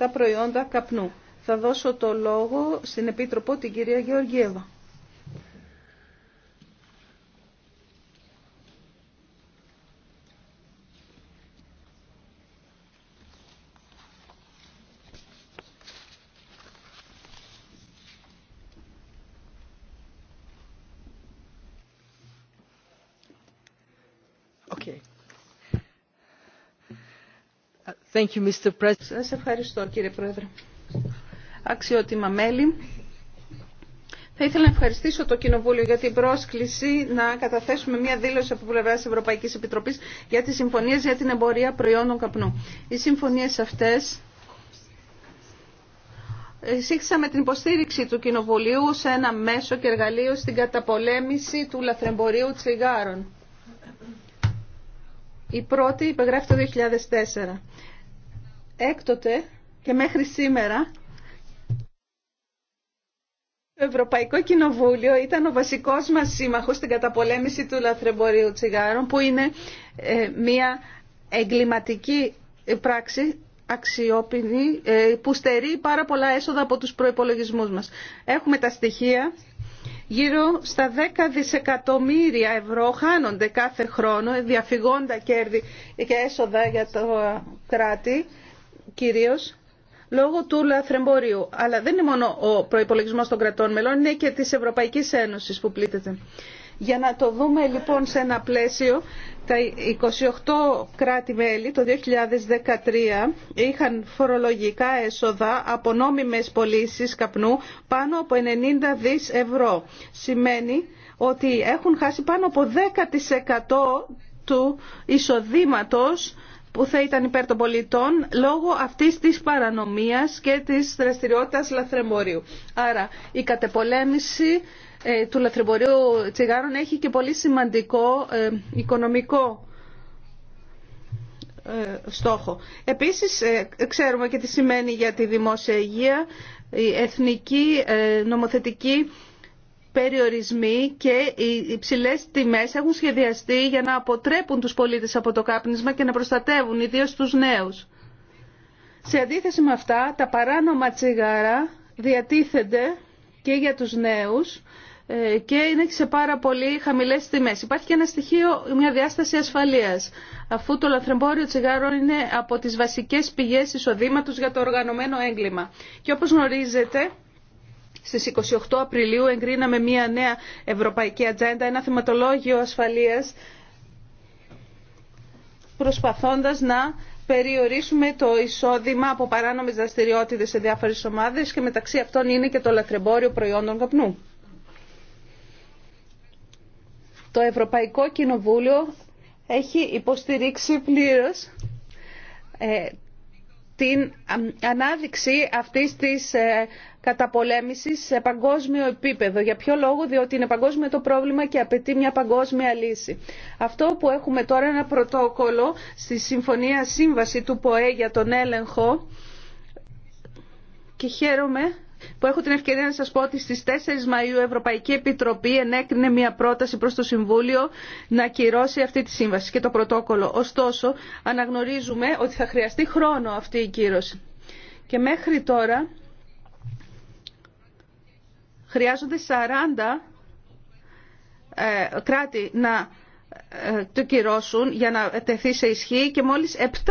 τα προϊόντα καπνού. Θα δώσω το λόγο στην Επίτροπο την κυρία Γεωργίευα. ευχαριστώ κύριε Πρόεδρε. Αξιότιμα μέλη. Θα ήθελα να ευχαριστήσω το Κοινοβούλιο για την πρόσκληση να καταθέσουμε μια δήλωση από πλευρά τη Ευρωπαϊκή Επιτροπή για τι συμφωνίε για την εμπορία προϊόντων καπνού. Οι συμφωνίε αυτέ με την υποστήριξη του Κοινοβουλίου σε ένα μέσο και εργαλείο στην καταπολέμηση του λαθρεμπορίου τσιγάρων. Η πρώτη υπεγράφει το 2004. Έκτοτε και μέχρι σήμερα το Ευρωπαϊκό Κοινοβούλιο ήταν ο βασικός μας σύμμαχος στην καταπολέμηση του λαθρεμπορίου τσιγάρων που είναι ε, μια εγκληματική πράξη αξιόπινη ε, που στερεί πάρα πολλά έσοδα από τους προϋπολογισμούς μας. Έχουμε τα στοιχεία γύρω στα 10 δισεκατομμύρια ευρώ χάνονται κάθε χρόνο διαφυγόντα κέρδη και έσοδα για το κράτη κυρίω λόγω του λαθρεμπορίου. Αλλά δεν είναι μόνο ο προϋπολογισμός των κρατών μελών, είναι και τη Ευρωπαϊκή Ένωση που πλήττεται. Για να το δούμε λοιπόν σε ένα πλαίσιο, τα 28 κράτη-μέλη το 2013 είχαν φορολογικά έσοδα από νόμιμες πωλήσει καπνού πάνω από 90 δις ευρώ. Σημαίνει ότι έχουν χάσει πάνω από 10% του εισοδήματος που θα ήταν υπέρ των πολιτών λόγω αυτής της παρανομίας και της δραστηριότητας λαθρεμπορίου. Άρα η κατεπολέμηση ε, του λαθρεμπορίου τσιγάρων έχει και πολύ σημαντικό ε, οικονομικό ε, στόχο. Επίσης ξέρουμε και τι σημαίνει για τη δημόσια υγεία η εθνική νομοθετική περιορισμοί και οι υψηλέ τιμέ έχουν σχεδιαστεί για να αποτρέπουν του πολίτε από το κάπνισμα και να προστατεύουν ιδίω του νέου. Σε αντίθεση με αυτά, τα παράνομα τσιγάρα διατίθενται και για τους νέους ε, και είναι σε πάρα πολύ χαμηλές τιμές. Υπάρχει και ένα στοιχείο, μια διάσταση ασφαλείας, αφού το λαθρεμπόριο τσιγάρων είναι από τις βασικές πηγές εισοδήματος για το οργανωμένο έγκλημα. Και όπως γνωρίζετε, στις 28 Απριλίου εγκρίναμε μια νέα ευρωπαϊκή ατζέντα, ένα θεματολόγιο ασφαλείας, προσπαθώντας να περιορίσουμε το εισόδημα από παράνομες δραστηριότητε σε διάφορες ομάδες και μεταξύ αυτών είναι και το λατρεμπόριο προϊόντων καπνού. Το Ευρωπαϊκό Κοινοβούλιο έχει υποστηρίξει πλήρως ε, την ανάδειξη αυτής της ε, καταπολέμησης σε παγκόσμιο επίπεδο. Για ποιο λόγο, διότι είναι παγκόσμιο το πρόβλημα και απαιτεί μια παγκόσμια λύση. Αυτό που έχουμε τώρα ένα πρωτόκολλο στη Συμφωνία Σύμβαση του ΠΟΕ για τον έλεγχο και χαίρομαι που έχω την ευκαιρία να σας πω ότι στις 4 Μαΐου η Ευρωπαϊκή Επιτροπή ενέκρινε μια πρόταση προς το Συμβούλιο να κυρώσει αυτή τη σύμβαση και το πρωτόκολλο. Ωστόσο, αναγνωρίζουμε ότι θα χρειαστεί χρόνο αυτή η κύρωση. Και μέχρι τώρα χρειάζονται 40 ε, κράτη να ε, το κυρώσουν για να τεθεί σε ισχύ και μόλις 7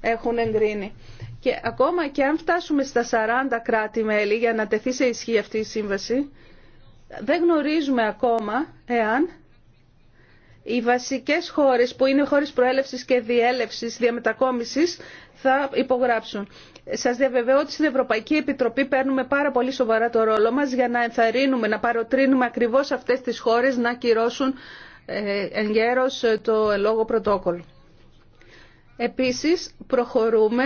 έχουν εγκρίνει. Και ακόμα και αν φτάσουμε στα 40 κράτη-μέλη για να τεθεί σε ισχύ αυτή η σύμβαση, δεν γνωρίζουμε ακόμα εάν οι βασικές χώρες που είναι χώρες προέλευσης και διέλευσης διαμετακόμισης θα υπογράψουν. Σας διαβεβαιώ ότι στην Ευρωπαϊκή Επιτροπή παίρνουμε πάρα πολύ σοβαρά το ρόλο μας για να ενθαρρύνουμε, να παροτρύνουμε ακριβώς αυτές τις χώρες να κυρώσουν εν γέρος το λόγο πρωτόκολλο. Επίσης προχωρούμε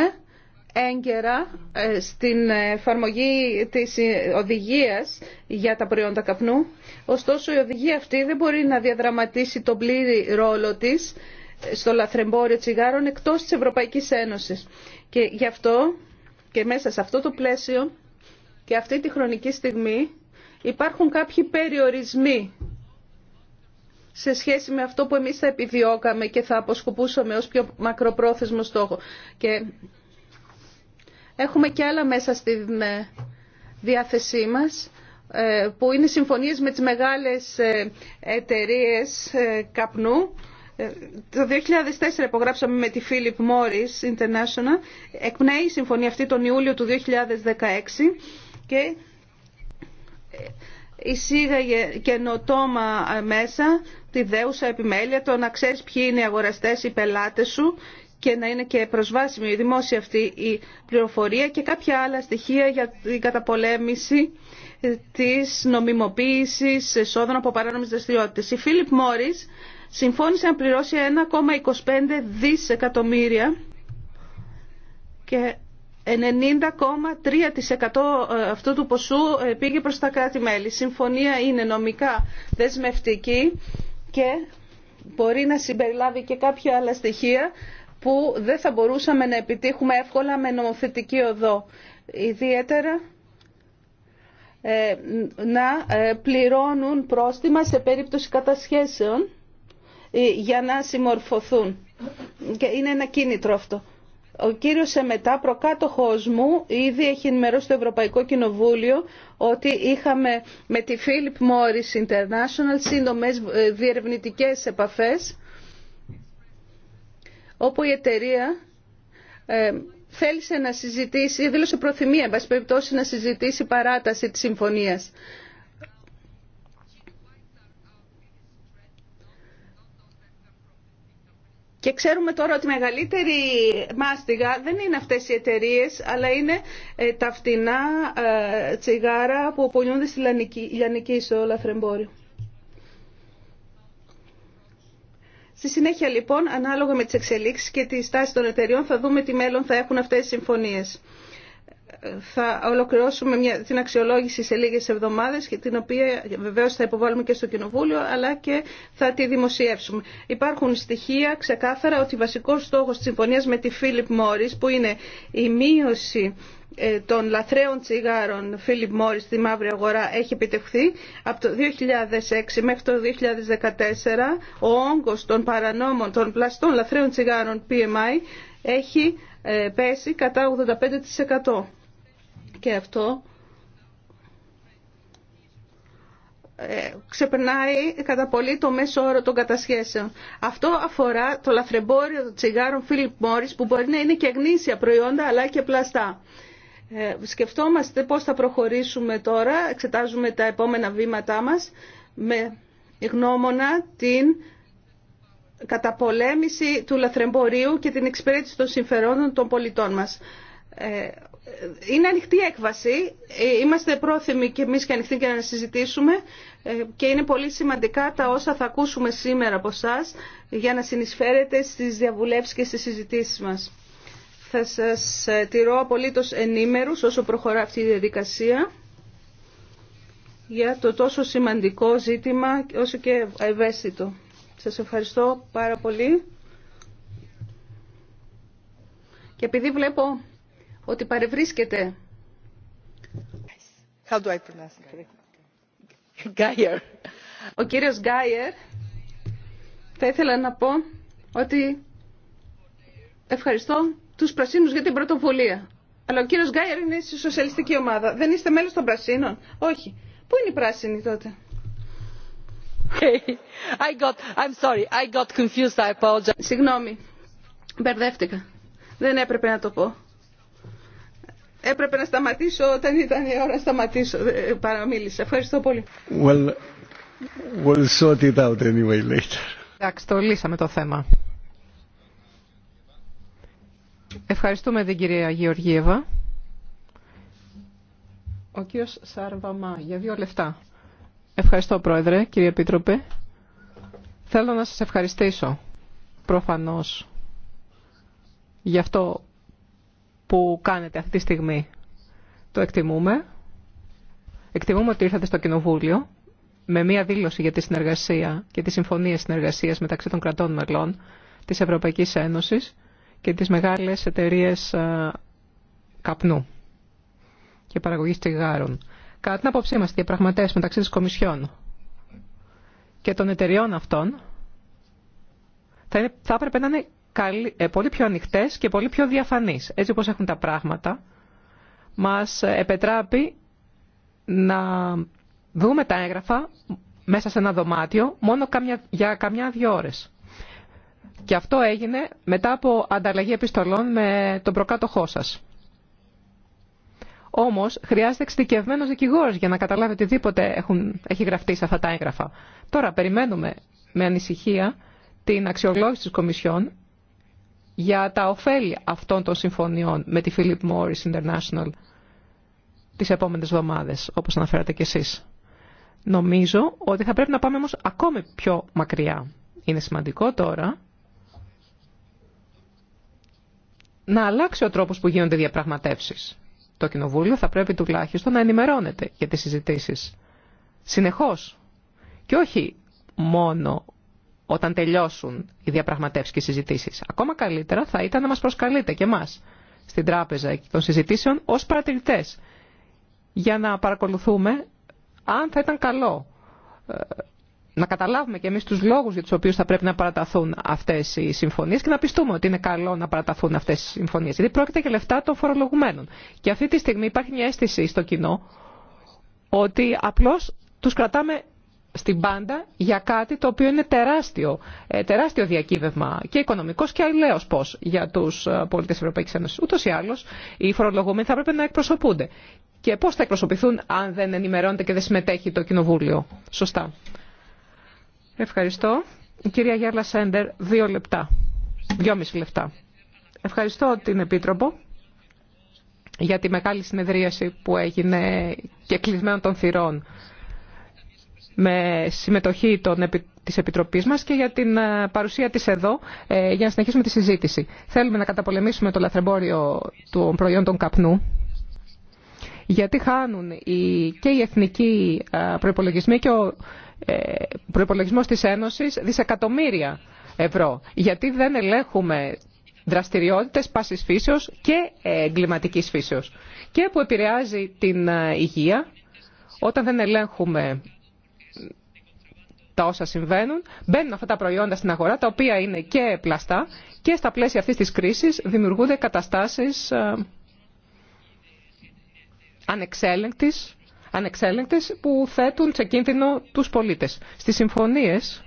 έγκαιρα ε, στην εφαρμογή της οδηγίας για τα προϊόντα καπνού. Ωστόσο η οδηγία αυτή δεν μπορεί να διαδραματίσει τον πλήρη ρόλο της ε, στο λαθρεμπόριο τσιγάρων εκτός της Ευρωπαϊκής Ένωσης. Και γι' αυτό και μέσα σε αυτό το πλαίσιο και αυτή τη χρονική στιγμή υπάρχουν κάποιοι περιορισμοί σε σχέση με αυτό που εμείς θα επιδιώκαμε και θα αποσκοπούσαμε ως πιο μακροπρόθεσμο στόχο. Και Έχουμε και άλλα μέσα στη ε, διάθεσή μας ε, που είναι συμφωνίες με τις μεγάλες ε, εταιρείες καπνού. Το 2004 υπογράψαμε με τη Philip Morris International. Εκπνέει η συμφωνία αυτή τον Ιούλιο του 2016 και εισήγαγε καινοτόμα μέσα τη δέουσα επιμέλεια, το να ξέρεις ποιοι είναι οι αγοραστές, οι πελάτες σου και να είναι και προσβάσιμη η δημόσια αυτή η πληροφορία και κάποια άλλα στοιχεία για την καταπολέμηση της νομιμοποίησης εσόδων από παράνομες δραστηριότητες. Η Φίλιπ Μόρις συμφώνησε να πληρώσει 1,25 δισεκατομμύρια και 90,3% ε, αυτού του ποσού ε, πήγε προς τα κράτη-μέλη. Η συμφωνία είναι νομικά δεσμευτική και μπορεί να συμπεριλάβει και κάποια άλλα στοιχεία που δεν θα μπορούσαμε να επιτύχουμε εύκολα με νομοθετική οδό. Ιδιαίτερα ε, να ε, πληρώνουν πρόστιμα σε περίπτωση κατασχέσεων ε, για να συμμορφωθούν. Και είναι ένα κίνητρο αυτό. Ο κύριος Σεμετά, προκάτοχός μου, ήδη έχει ενημερώσει το Ευρωπαϊκό Κοινοβούλιο ότι είχαμε με τη Philip Morris International σύντομες διερευνητικές επαφές όπου η εταιρεία ε, θέλησε να συζητήσει, δήλωσε προθυμία, εν να συζητήσει παράταση της συμφωνίας. Και ξέρουμε τώρα ότι η μεγαλύτερη μάστιγα δεν είναι αυτές οι εταιρείες, αλλά είναι ε, τα φτηνά ε, τσιγάρα που πουλούνται στη Λιανική, στο όλα Στη συνέχεια λοιπόν, ανάλογα με τις εξελίξεις και τη στάση των εταιριών, θα δούμε τι μέλλον θα έχουν αυτές οι συμφωνίες. Θα ολοκληρώσουμε μια, την αξιολόγηση σε λίγες εβδομάδες, την οποία βεβαίως θα υποβάλουμε και στο Κοινοβούλιο, αλλά και θα τη δημοσιεύσουμε. Υπάρχουν στοιχεία ξεκάθαρα ότι βασικός στόχος της συμφωνίας με τη Φίλιπ Μόρις, που είναι η μείωση ε, των λαθρέων τσιγάρων Φίλιπ Μόρις στη μαύρη αγορά έχει επιτευχθεί από το 2006 μέχρι το 2014 ο όγκος των παρανόμων των πλαστών λαθρέων τσιγάρων PMI έχει ε, πέσει κατά 85% και αυτό ε, ξεπερνάει κατά πολύ το μέσο όρο των κατασχέσεων. Αυτό αφορά το λαθρεμπόριο των τσιγάρων Φίλιπ Μόρις που μπορεί να είναι και γνήσια προϊόντα αλλά και πλαστά. Ε, σκεφτόμαστε πώς θα προχωρήσουμε τώρα, εξετάζουμε τα επόμενα βήματά μας με γνώμονα την καταπολέμηση του λαθρεμπορίου και την εξυπηρέτηση των συμφερόντων των πολιτών μας. Ε, είναι ανοιχτή έκβαση, ε, είμαστε πρόθυμοι και εμείς και ανοιχτοί και να συζητήσουμε και είναι πολύ σημαντικά τα όσα θα ακούσουμε σήμερα από εσά για να συνεισφέρετε στις διαβουλεύσεις και στις συζητήσεις μας θα σας ε, τηρώ απολύτως ενήμερους όσο προχωρά αυτή η διαδικασία για το τόσο σημαντικό ζήτημα όσο και ευαίσθητο. Σας ευχαριστώ πάρα πολύ. Και επειδή βλέπω ότι παρευρίσκεται... How do I pronounce Ο κύριος Γκάιερ, θα ήθελα να πω ότι ευχαριστώ του πρασίνους για την πρωτοβουλία. Αλλά ο κύριο Γκάιερ είναι στη σοσιαλιστική ομάδα. Δεν είστε μέλο των πρασίνων. Όχι. Πού είναι η πράσινη τότε. Hey, I got, I'm sorry, I got confused, I apologize. Συγγνώμη, μπερδεύτηκα. Δεν έπρεπε να το πω. Έπρεπε να σταματήσω όταν ήταν η ώρα να σταματήσω. Ε, Παραμίλησα. Ευχαριστώ πολύ. Well, we'll sort it out anyway later. Εντάξει, το λύσαμε το θέμα. Ευχαριστούμε την κυρία Γεωργίευα. Ο κύριος Σάρβαμα, για δύο λεφτά. Ευχαριστώ, Πρόεδρε, κύριε Επίτροπε. Θέλω να σας ευχαριστήσω, προφανώς, για αυτό που κάνετε αυτή τη στιγμή. Το εκτιμούμε. Εκτιμούμε ότι ήρθατε στο Κοινοβούλιο με μία δήλωση για τη συνεργασία και τη συμφωνία συνεργασίας μεταξύ των κρατών μελών της Ευρωπαϊκής Ένωσης και τις μεγάλες εταιρείες ε, καπνού και παραγωγής τσιγάρων. Κατά την απόψή μας, διαπραγματεύσεις μεταξύ της Κομισιόν και των εταιρεών αυτών θα, είναι, θα έπρεπε να είναι ε, πολύ πιο ανοιχτές και πολύ πιο διαφανείς. Έτσι όπως έχουν τα πράγματα, μας επετράπει να δούμε τα έγγραφα μέσα σε ένα δωμάτιο μόνο καμιά, για καμιά δύο ώρες. Και αυτό έγινε μετά από ανταλλαγή επιστολών με τον προκάτοχό σας. Όμω χρειάζεται εξειδικευμένο δικηγόρο για να καταλάβει οτιδήποτε έχουν, έχει γραφτεί σε αυτά τα έγγραφα. Τώρα περιμένουμε με ανησυχία την αξιολόγηση τη Κομισιόν για τα ωφέλη αυτών των συμφωνιών με τη Philip Morris International τις επόμενες εβδομάδες, όπως αναφέρατε κι εσείς. Νομίζω ότι θα πρέπει να πάμε όμως ακόμη πιο μακριά. Είναι σημαντικό τώρα να αλλάξει ο τρόπος που γίνονται διαπραγματεύσεις. Το Κοινοβούλιο θα πρέπει τουλάχιστον να ενημερώνεται για τις συζητήσεις. Συνεχώς. Και όχι μόνο όταν τελειώσουν οι διαπραγματεύσεις και οι συζητήσεις. Ακόμα καλύτερα θα ήταν να μας προσκαλείτε και εμάς στην τράπεζα των συζητήσεων ως παρατηρητές για να παρακολουθούμε αν θα ήταν καλό ε, να καταλάβουμε και εμείς τους λόγους για τους οποίους θα πρέπει να παραταθούν αυτές οι συμφωνίες και να πιστούμε ότι είναι καλό να παραταθούν αυτές οι συμφωνίες. Γιατί πρόκειται για λεφτά των φορολογουμένων. Και αυτή τη στιγμή υπάρχει μια αίσθηση στο κοινό ότι απλώς τους κρατάμε στην πάντα για κάτι το οποίο είναι τεράστιο, ε, τεράστιο διακύβευμα και οικονομικός και αλληλαίος πώς για τους ε, πολίτες της Ευρωπαϊκής Ένωσης. Ούτως ή άλλως οι φορολογούμενοι θα πρέπει να εκπροσωπούνται. Και πώς θα εκπροσωπηθούν αν δεν ενημερώνεται και δεν συμμετέχει το Κοινοβούλιο. Σωστά. Ευχαριστώ. Η κυρία Γιάλα Σέντερ, δύο λεπτά. Δυόμιση λεπτά. Ευχαριστώ την Επίτροπο για τη μεγάλη συνεδρίαση που έγινε και κλεισμένων των θυρών με συμμετοχή των, της Επιτροπής μας και για την ε, παρουσία της εδώ ε, για να συνεχίσουμε τη συζήτηση. Θέλουμε να καταπολεμήσουμε το λαθρεμπόριο των προϊόντων καπνού γιατί χάνουν και οι εθνικοί ε, προϋπολογισμοί και ο ε, Προπολογισμό της Ένωσης δισεκατομμύρια ευρώ. Γιατί δεν ελέγχουμε δραστηριότητες πάση φύσεω και εγκληματική φύσεω, και που επηρεάζει την ε, υγεία όταν δεν ελέγχουμε τα όσα συμβαίνουν, μπαίνουν αυτά τα προϊόντα στην αγορά, τα οποία είναι και πλαστά και στα πλαίσια αυτής της κρίσης δημιουργούνται καταστάσεις ε, ανεξέλεγκτης ανεξέλεγκτες που θέτουν σε κίνδυνο τους πολίτες. Στις συμφωνίες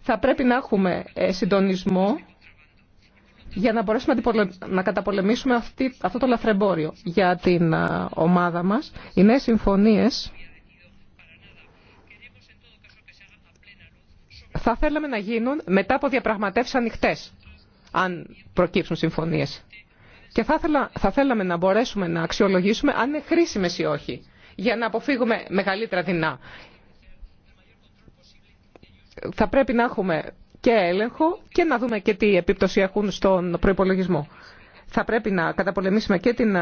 θα πρέπει να έχουμε ε, συντονισμό για να μπορέσουμε να καταπολεμήσουμε αυτή, αυτό το λαθρεμπόριο. Για την ε, ομάδα μας, οι νέες συμφωνίες θα θέλαμε να γίνουν μετά από διαπραγματεύσεις ανοιχτές, αν προκύψουν συμφωνίες. Και θα, θέλαμε να μπορέσουμε να αξιολογήσουμε αν είναι χρήσιμε ή όχι, για να αποφύγουμε μεγαλύτερα δεινά. Θα πρέπει να έχουμε και έλεγχο και να δούμε και τι επίπτωση έχουν στον προϋπολογισμό. Θα πρέπει να καταπολεμήσουμε και την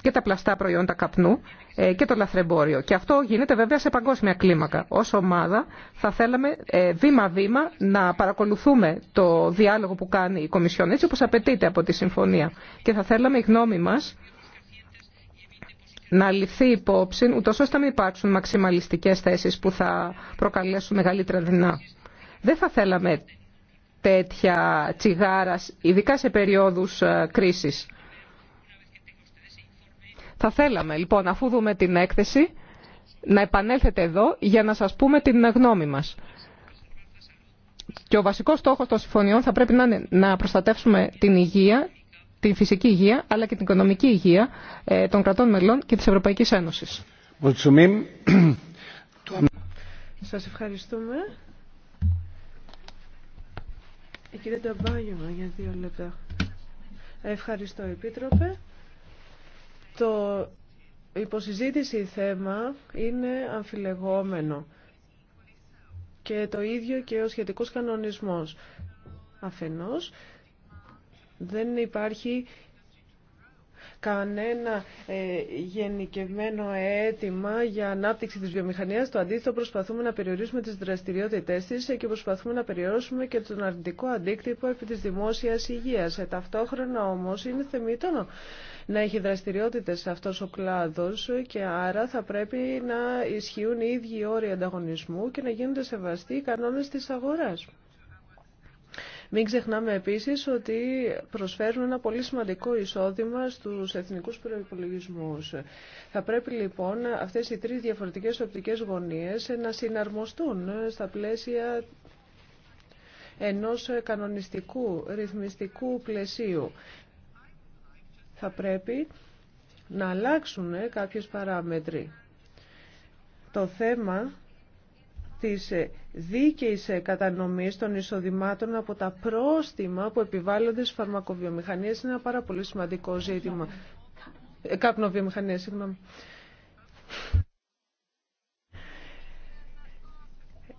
και τα πλαστά προϊόντα καπνού ε, και το λαθρεμπόριο. Και αυτό γίνεται βέβαια σε παγκόσμια κλίμακα. Ως ομάδα θα θέλαμε ε, βήμα-βήμα να παρακολουθούμε το διάλογο που κάνει η Κομισιόν, έτσι όπως απαιτείται από τη Συμφωνία. Και θα θέλαμε η γνώμη μας να ληφθεί υπόψη, ούτω ώστε να μην υπάρξουν μαξιμαλιστικές θέσεις που θα προκαλέσουν μεγαλύτερα δεινά. Δεν θα θέλαμε τέτοια τσιγάρα, ειδικά σε περίοδους ε, κρίσης θα θέλαμε λοιπόν αφού δούμε την έκθεση να επανέλθετε εδώ για να σας πούμε την γνώμη μας. Και ο βασικός στόχος των συμφωνιών θα πρέπει να είναι να προστατεύσουμε την υγεία, την φυσική υγεία, αλλά και την οικονομική υγεία ε, των κρατών μελών και της Ευρωπαϊκής Ένωσης. Σας ευχαριστούμε. Ε, για λεπτά. Ευχαριστώ, Επίτροπε. Το υποσυζήτηση θέμα είναι αμφιλεγόμενο και το ίδιο και ο σχετικός κανονισμός. Αφενός, δεν υπάρχει κανένα ε, γενικευμένο αίτημα για ανάπτυξη της βιομηχανίας. Το αντίθετο προσπαθούμε να περιορίσουμε τις δραστηριότητές της και προσπαθούμε να περιορίσουμε και τον αρνητικό αντίκτυπο επί της δημόσιας υγείας. Ε, ταυτόχρονα όμως είναι θεμητό να έχει δραστηριότητες αυτός ο κλάδος και άρα θα πρέπει να ισχύουν οι ίδιοι όροι ανταγωνισμού και να γίνονται σεβαστοί οι κανόνες της αγοράς. Μην ξεχνάμε επίσης ότι προσφέρουν ένα πολύ σημαντικό εισόδημα στους εθνικούς προϋπολογισμούς. Θα πρέπει λοιπόν αυτές οι τρεις διαφορετικές οπτικές γωνίες να συναρμοστούν στα πλαίσια ενός κανονιστικού, ρυθμιστικού πλαισίου. Θα πρέπει να αλλάξουν κάποιες παράμετροι. Το θέμα της ε, δίκαιης ε, κατανομής των εισοδημάτων από τα πρόστιμα που επιβάλλονται στις φαρμακοβιομηχανίες είναι ένα πάρα πολύ σημαντικό ζήτημα. Ε, συγγνώμη.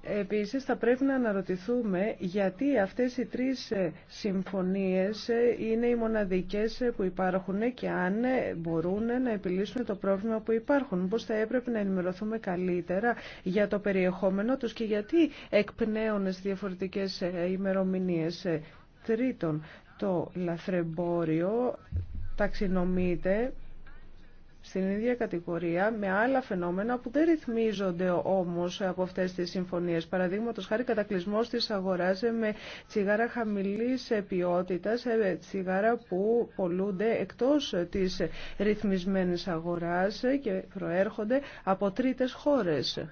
Επίσης θα πρέπει να αναρωτηθούμε γιατί αυτές οι τρεις ε, συμφωνίες ε, είναι οι μοναδικές ε, που υπάρχουν και αν μπορούν να επιλύσουν το πρόβλημα που υπάρχουν. Πώς θα έπρεπε να ενημερωθούμε καλύτερα για το περιεχόμενο τους και γιατί εκπνέουν διαφορετικές ημερομηνίες. Τρίτον, το λαθρεμπόριο ταξινομείται στην ίδια κατηγορία με άλλα φαινόμενα που δεν ρυθμίζονται όμως από αυτές τις συμφωνίες. Παραδείγματος χάρη κατακλυσμός της αγοράς με τσιγάρα χαμηλής ποιότητας, ε, τσιγάρα που πολλούνται εκτός της ρυθμισμένης αγοράς και προέρχονται από τρίτες χώρες.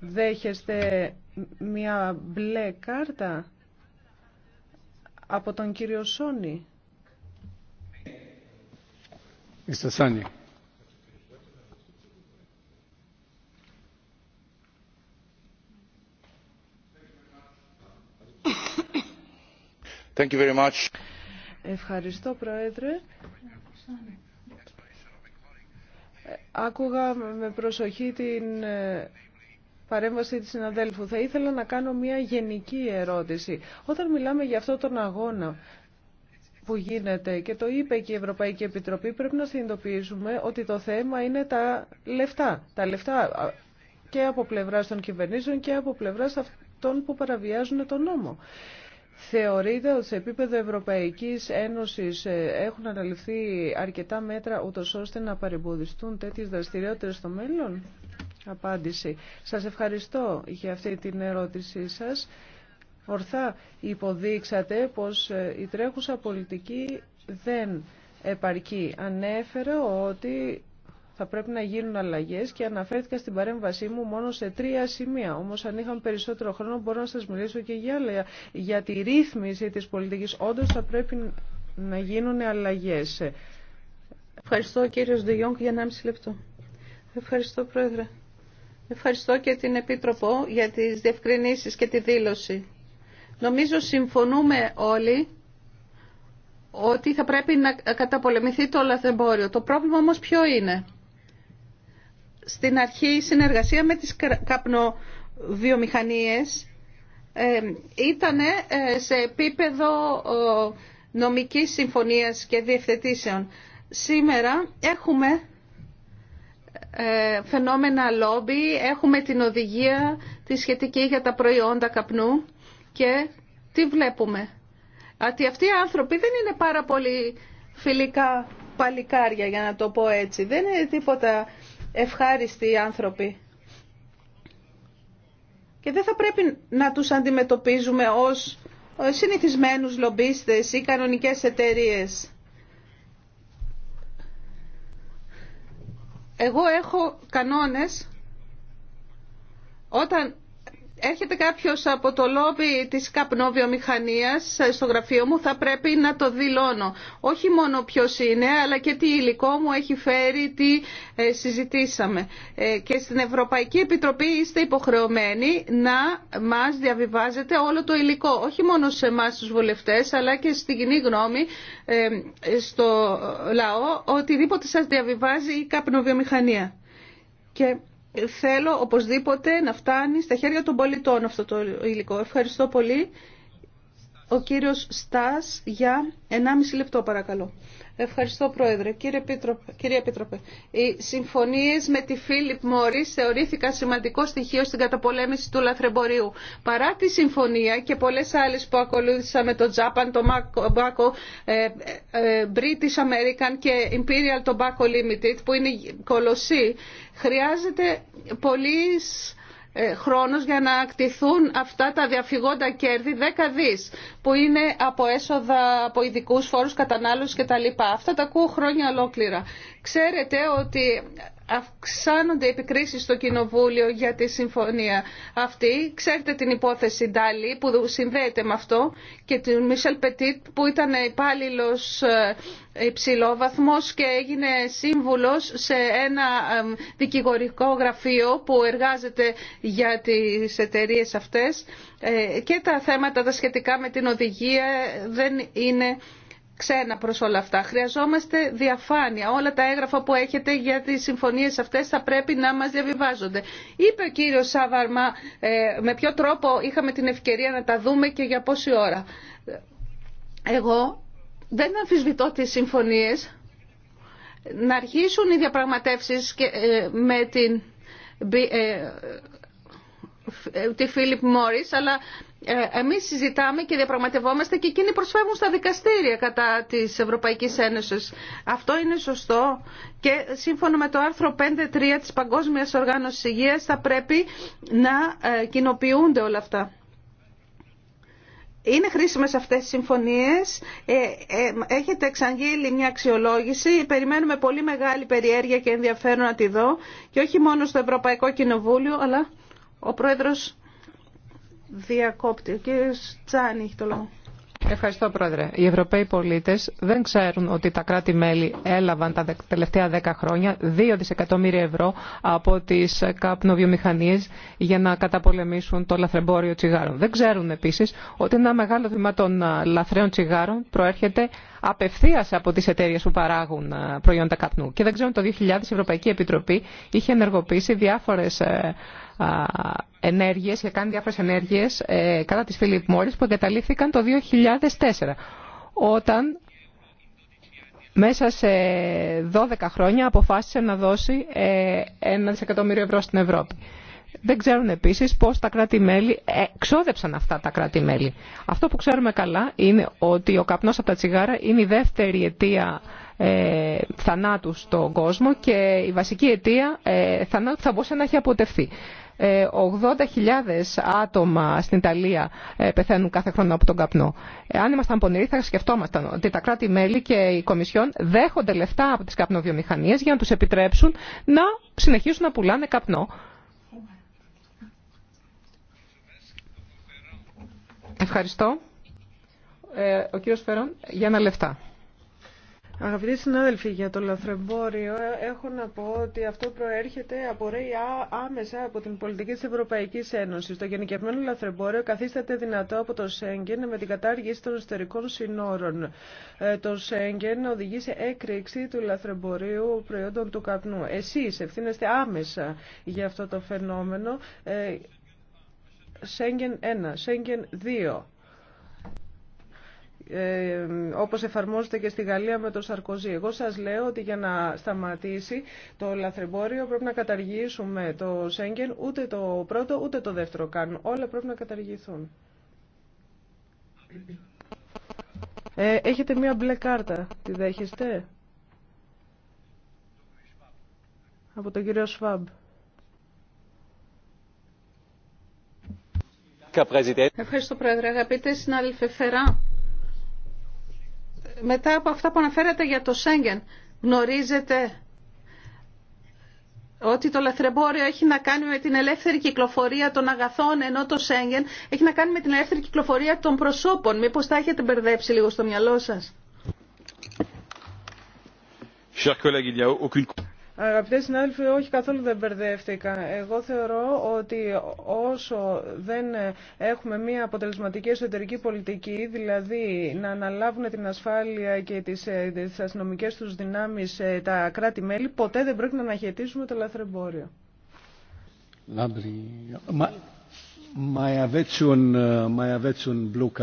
Δέχεστε μια μπλε κάρτα από τον κύριο Σόνι. Ευχαριστώ, Πρόεδρε. Άκουγα με προσοχή την ε, παρέμβαση της συναδέλφου. Θα ήθελα να κάνω μια γενική ερώτηση. Όταν μιλάμε για αυτό τον αγώνα που γίνεται και το είπε και η Ευρωπαϊκή Επιτροπή πρέπει να συνειδητοποιήσουμε ότι το θέμα είναι τα λεφτά. Τα λεφτά και από πλευρά των κυβερνήσεων και από πλευρά αυτών που παραβιάζουν τον νόμο. Θεωρείτε ότι σε επίπεδο Ευρωπαϊκής Ένωσης ε, έχουν αναλυφθεί αρκετά μέτρα ούτως ώστε να παρεμποδιστούν τέτοιες δραστηριότητες στο μέλλον. Απάντηση. Σας ευχαριστώ για αυτή την ερώτησή σας. Ορθά υποδείξατε πως ε, η τρέχουσα πολιτική δεν επαρκεί. Ανέφερε ότι θα πρέπει να γίνουν αλλαγές και αναφέρθηκα στην παρέμβασή μου μόνο σε τρία σημεία. Όμως αν είχαμε περισσότερο χρόνο μπορώ να σας μιλήσω και για άλλα. Για τη ρύθμιση της πολιτικής όντως θα πρέπει να γίνουν αλλαγές. Ευχαριστώ κύριο Ντεγιόγκ για 1,5 λεπτό. Ευχαριστώ πρόεδρε. Ευχαριστώ και την Επίτροπο για τις διευκρινήσεις και τη δήλωση. Νομίζω συμφωνούμε όλοι ότι θα πρέπει να καταπολεμηθεί το λαθεμπόριο. Το πρόβλημα όμως ποιο είναι. Στην αρχή η συνεργασία με τις καπνοβιομηχανίες ε, ήταν ε, σε επίπεδο νομικής συμφωνίας και διευθετήσεων. Σήμερα έχουμε ε, φαινόμενα λόμπι, έχουμε την οδηγία τη σχετική για τα προϊόντα καπνού και τι βλέπουμε. Ότι αυτοί οι άνθρωποι δεν είναι πάρα πολύ φιλικά παλικάρια, για να το πω έτσι. Δεν είναι τίποτα ευχάριστοι οι άνθρωποι. Και δεν θα πρέπει να τους αντιμετωπίζουμε ως συνηθισμένους λομπίστες ή κανονικές εταιρείες. Εγώ έχω κανόνες όταν έρχεται κάποιος από το λόμπι της καπνόβιομηχανίας στο γραφείο μου, θα πρέπει να το δηλώνω. Όχι μόνο ποιος είναι, αλλά και τι υλικό μου έχει φέρει, τι ε, συζητήσαμε. Ε, και στην Ευρωπαϊκή Επιτροπή είστε υποχρεωμένοι να μας διαβιβάζετε όλο το υλικό. Όχι μόνο σε εμά τους βουλευτές, αλλά και στην κοινή γνώμη, ε, στο λαό, οτιδήποτε σας διαβιβάζει η καπνοβιομηχανία. Και θέλω οπωσδήποτε να φτάνει στα χέρια των πολιτών αυτό το υλικό. Ευχαριστώ πολύ. Ο κύριος Στάς για 1,5 λεπτό παρακαλώ. Ευχαριστώ Πρόεδρε. Κύριε Επίτροπε, κύριε Επίτροπε οι συμφωνίες με τη Φίλιπ Μόρις θεωρήθηκαν σημαντικό στοιχείο στην καταπολέμηση του λαθρεμπορίου. Παρά τη συμφωνία και πολλές άλλες που ακολούθησαν με το Japan, το Tobacco, ε, ε, ε, British American και Imperial Tobacco Limited που είναι κολοσσή, χρειάζεται πολλής ε, χρόνος για να ακτιθούν αυτά τα διαφυγόντα κέρδη 10 δις που είναι από έσοδα από ειδικού φόρους κατανάλωσης κτλ. Αυτά τα ακούω χρόνια ολόκληρα. Ξέρετε ότι αυξάνονται οι επικρίσεις στο Κοινοβούλιο για τη συμφωνία αυτή. Ξέρετε την υπόθεση Ντάλι που συνδέεται με αυτό και την Μισελ Πετίτ που ήταν υπάλληλο ε, υψηλόβαθμος και έγινε σύμβουλος σε ένα δικηγορικό γραφείο που εργάζεται για τις εταιρείε αυτές ε, και τα θέματα τα σχετικά με την οδηγία δεν είναι ξένα προς όλα αυτά. Χρειαζόμαστε διαφάνεια. Όλα τα έγγραφα που έχετε για τις συμφωνίες αυτές θα πρέπει να μας διαβιβάζονται. Είπε ο κύριος Σάβαρμα ε, με ποιο τρόπο είχαμε την ευκαιρία να τα δούμε και για πόση ώρα. Εγώ δεν αμφισβητώ τις συμφωνίες να αρχίσουν οι διαπραγματεύσεις ε, με την ε, ε, τη Φίλιπ Μόρις, αλλά ε, εμείς συζητάμε και διαπραγματευόμαστε και εκείνοι προσφεύγουν στα δικαστήρια κατά της Ευρωπαϊκής Ένωσης. Αυτό είναι σωστό και σύμφωνα με το άρθρο 5.3 της Παγκόσμιας Οργάνωσης Υγείας θα πρέπει να ε, κοινοποιούνται όλα αυτά. Είναι χρήσιμες αυτές οι συμφωνίες. έχετε εξαγγείλει μια αξιολόγηση. Περιμένουμε πολύ μεγάλη περιέργεια και ενδιαφέρον να τη δω. Και όχι μόνο στο Ευρωπαϊκό Κοινοβούλιο, αλλά ο Πρόεδρος διακόπτει. Ο κύριος Τσάνι έχει το λόγο. Ευχαριστώ, Πρόεδρε. Οι Ευρωπαίοι πολίτε δεν ξέρουν ότι τα κράτη-μέλη έλαβαν τα τελευταία δέκα χρόνια 2 δισεκατομμύρια ευρώ από τι καπνοβιομηχανίε για να καταπολεμήσουν το λαθρεμπόριο τσιγάρων. Δεν ξέρουν επίση ότι ένα μεγάλο βήμα των λαθρέων τσιγάρων προέρχεται απευθεία από τι εταιρείε που παράγουν προϊόντα καπνού. Και δεν ξέρουν ότι το 2000 η Ευρωπαϊκή Επιτροπή είχε ενεργοποιήσει διάφορε ε, ενέργειες, για κάνει διάφορες ενέργειες ε, κατά της Φίλιπ Μόρις που εγκαταλήφθηκαν το 2004 όταν μέσα σε 12 χρόνια αποφάσισε να δώσει ε, ένα δισεκατομμύριο ευρώ στην Ευρώπη. Δεν ξέρουν επίσης πώς τα κράτη-μέλη εξόδεψαν αυτά τα κράτη-μέλη. Αυτό που ξέρουμε καλά είναι ότι ο καπνός από τα τσιγάρα είναι η δεύτερη αιτία ε, θανάτου στον κόσμο και η βασική αιτία ε, θανάτου θα μπορούσε να έχει αποτευθεί. 80.000 ε, άτομα στην Ιταλία ε, πεθαίνουν κάθε χρόνο από τον καπνό. Ε, αν ήμασταν πονηροί θα σκεφτόμασταν ότι τα κράτη-μέλη και οι Κομισιόν δέχονται λεφτά από τις καπνοβιομηχανίες για να τους επιτρέψουν να συνεχίσουν να πουλάνε καπνό. Ευχαριστώ. Ο κύριος Φερόν για ένα λεφτά. Αγαπητοί συνάδελφοι, για το λαθρεμπόριο έχω να πω ότι αυτό προέρχεται απορρέει άμεσα από την πολιτική της Ευρωπαϊκής Ένωσης. Το γενικευμένο λαθρεμπόριο καθίσταται δυνατό από το Σέγγεν με την κατάργηση των εσωτερικών συνόρων. Ε, το Σέγγεν οδηγεί σε έκρηξη του λαθρεμπορίου προϊόντων του καπνού. Εσείς ευθύνεστε άμεσα για αυτό το φαινόμενο. Ε, Σέγγεν 1, Σέγγεν 2 ε, όπως εφαρμόζεται και στη Γαλλία με τον Σαρκοζή. Εγώ σας λέω ότι για να σταματήσει το λαθρεμπόριο πρέπει να καταργήσουμε το Σέγγεν, ούτε το πρώτο ούτε το δεύτερο κάνουν. Όλα πρέπει να καταργηθούν. Ε, έχετε μία μπλε κάρτα. Τη δέχεστε? Από τον κύριο Σφάμπ. Ευχαριστώ, Πρόεδρε. Αγαπητέ συνάδελφε Φερά, μετά από αυτά που αναφέρατε για το Σέγγεν, γνωρίζετε ότι το λαθρεμπόριο έχει να κάνει με την ελεύθερη κυκλοφορία των αγαθών, ενώ το Σέγγεν έχει να κάνει με την ελεύθερη κυκλοφορία των προσώπων. Μήπως τα έχετε μπερδέψει λίγο στο μυαλό σας. Αγαπητέ συνάδελφοι, όχι καθόλου δεν μπερδεύτηκα. Εγώ θεωρώ ότι όσο δεν έχουμε μια αποτελεσματική εσωτερική πολιτική, δηλαδή να αναλάβουν την ασφάλεια και τις, αστυνομικέ ε, αστυνομικές τους δυνάμεις ε, τα κράτη-μέλη, ποτέ δεν πρέπει να αναχαιτήσουμε το λαθρεμπόριο.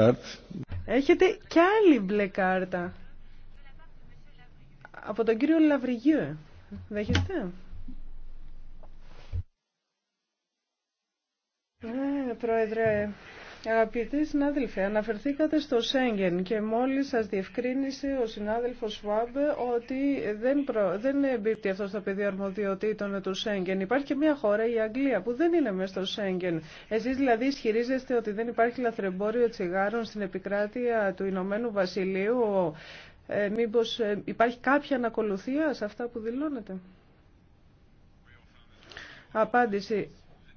Ε, Έχετε κι άλλη μπλε κάρτα. Από τον κύριο Λαβριγιού. Δέχεστε. Ε, πρόεδρε, αγαπητοί συνάδελφοι, αναφερθήκατε στο Σέγγεν και μόλις σας διευκρίνησε ο συνάδελφος Σουάμπ ότι δεν, προ... δεν εμπίπτει αυτό στο πεδίο αρμοδιοτήτων του Σέγγεν. Υπάρχει και μια χώρα, η Αγγλία, που δεν είναι μέσα στο Σέγγεν. Εσείς δηλαδή ισχυρίζεστε ότι δεν υπάρχει λαθρεμπόριο τσιγάρων στην επικράτεια του Ηνωμένου Βασιλείου ε, μήπως ε, υπάρχει κάποια ανακολουθία σε αυτά που δηλώνετε. Απάντηση.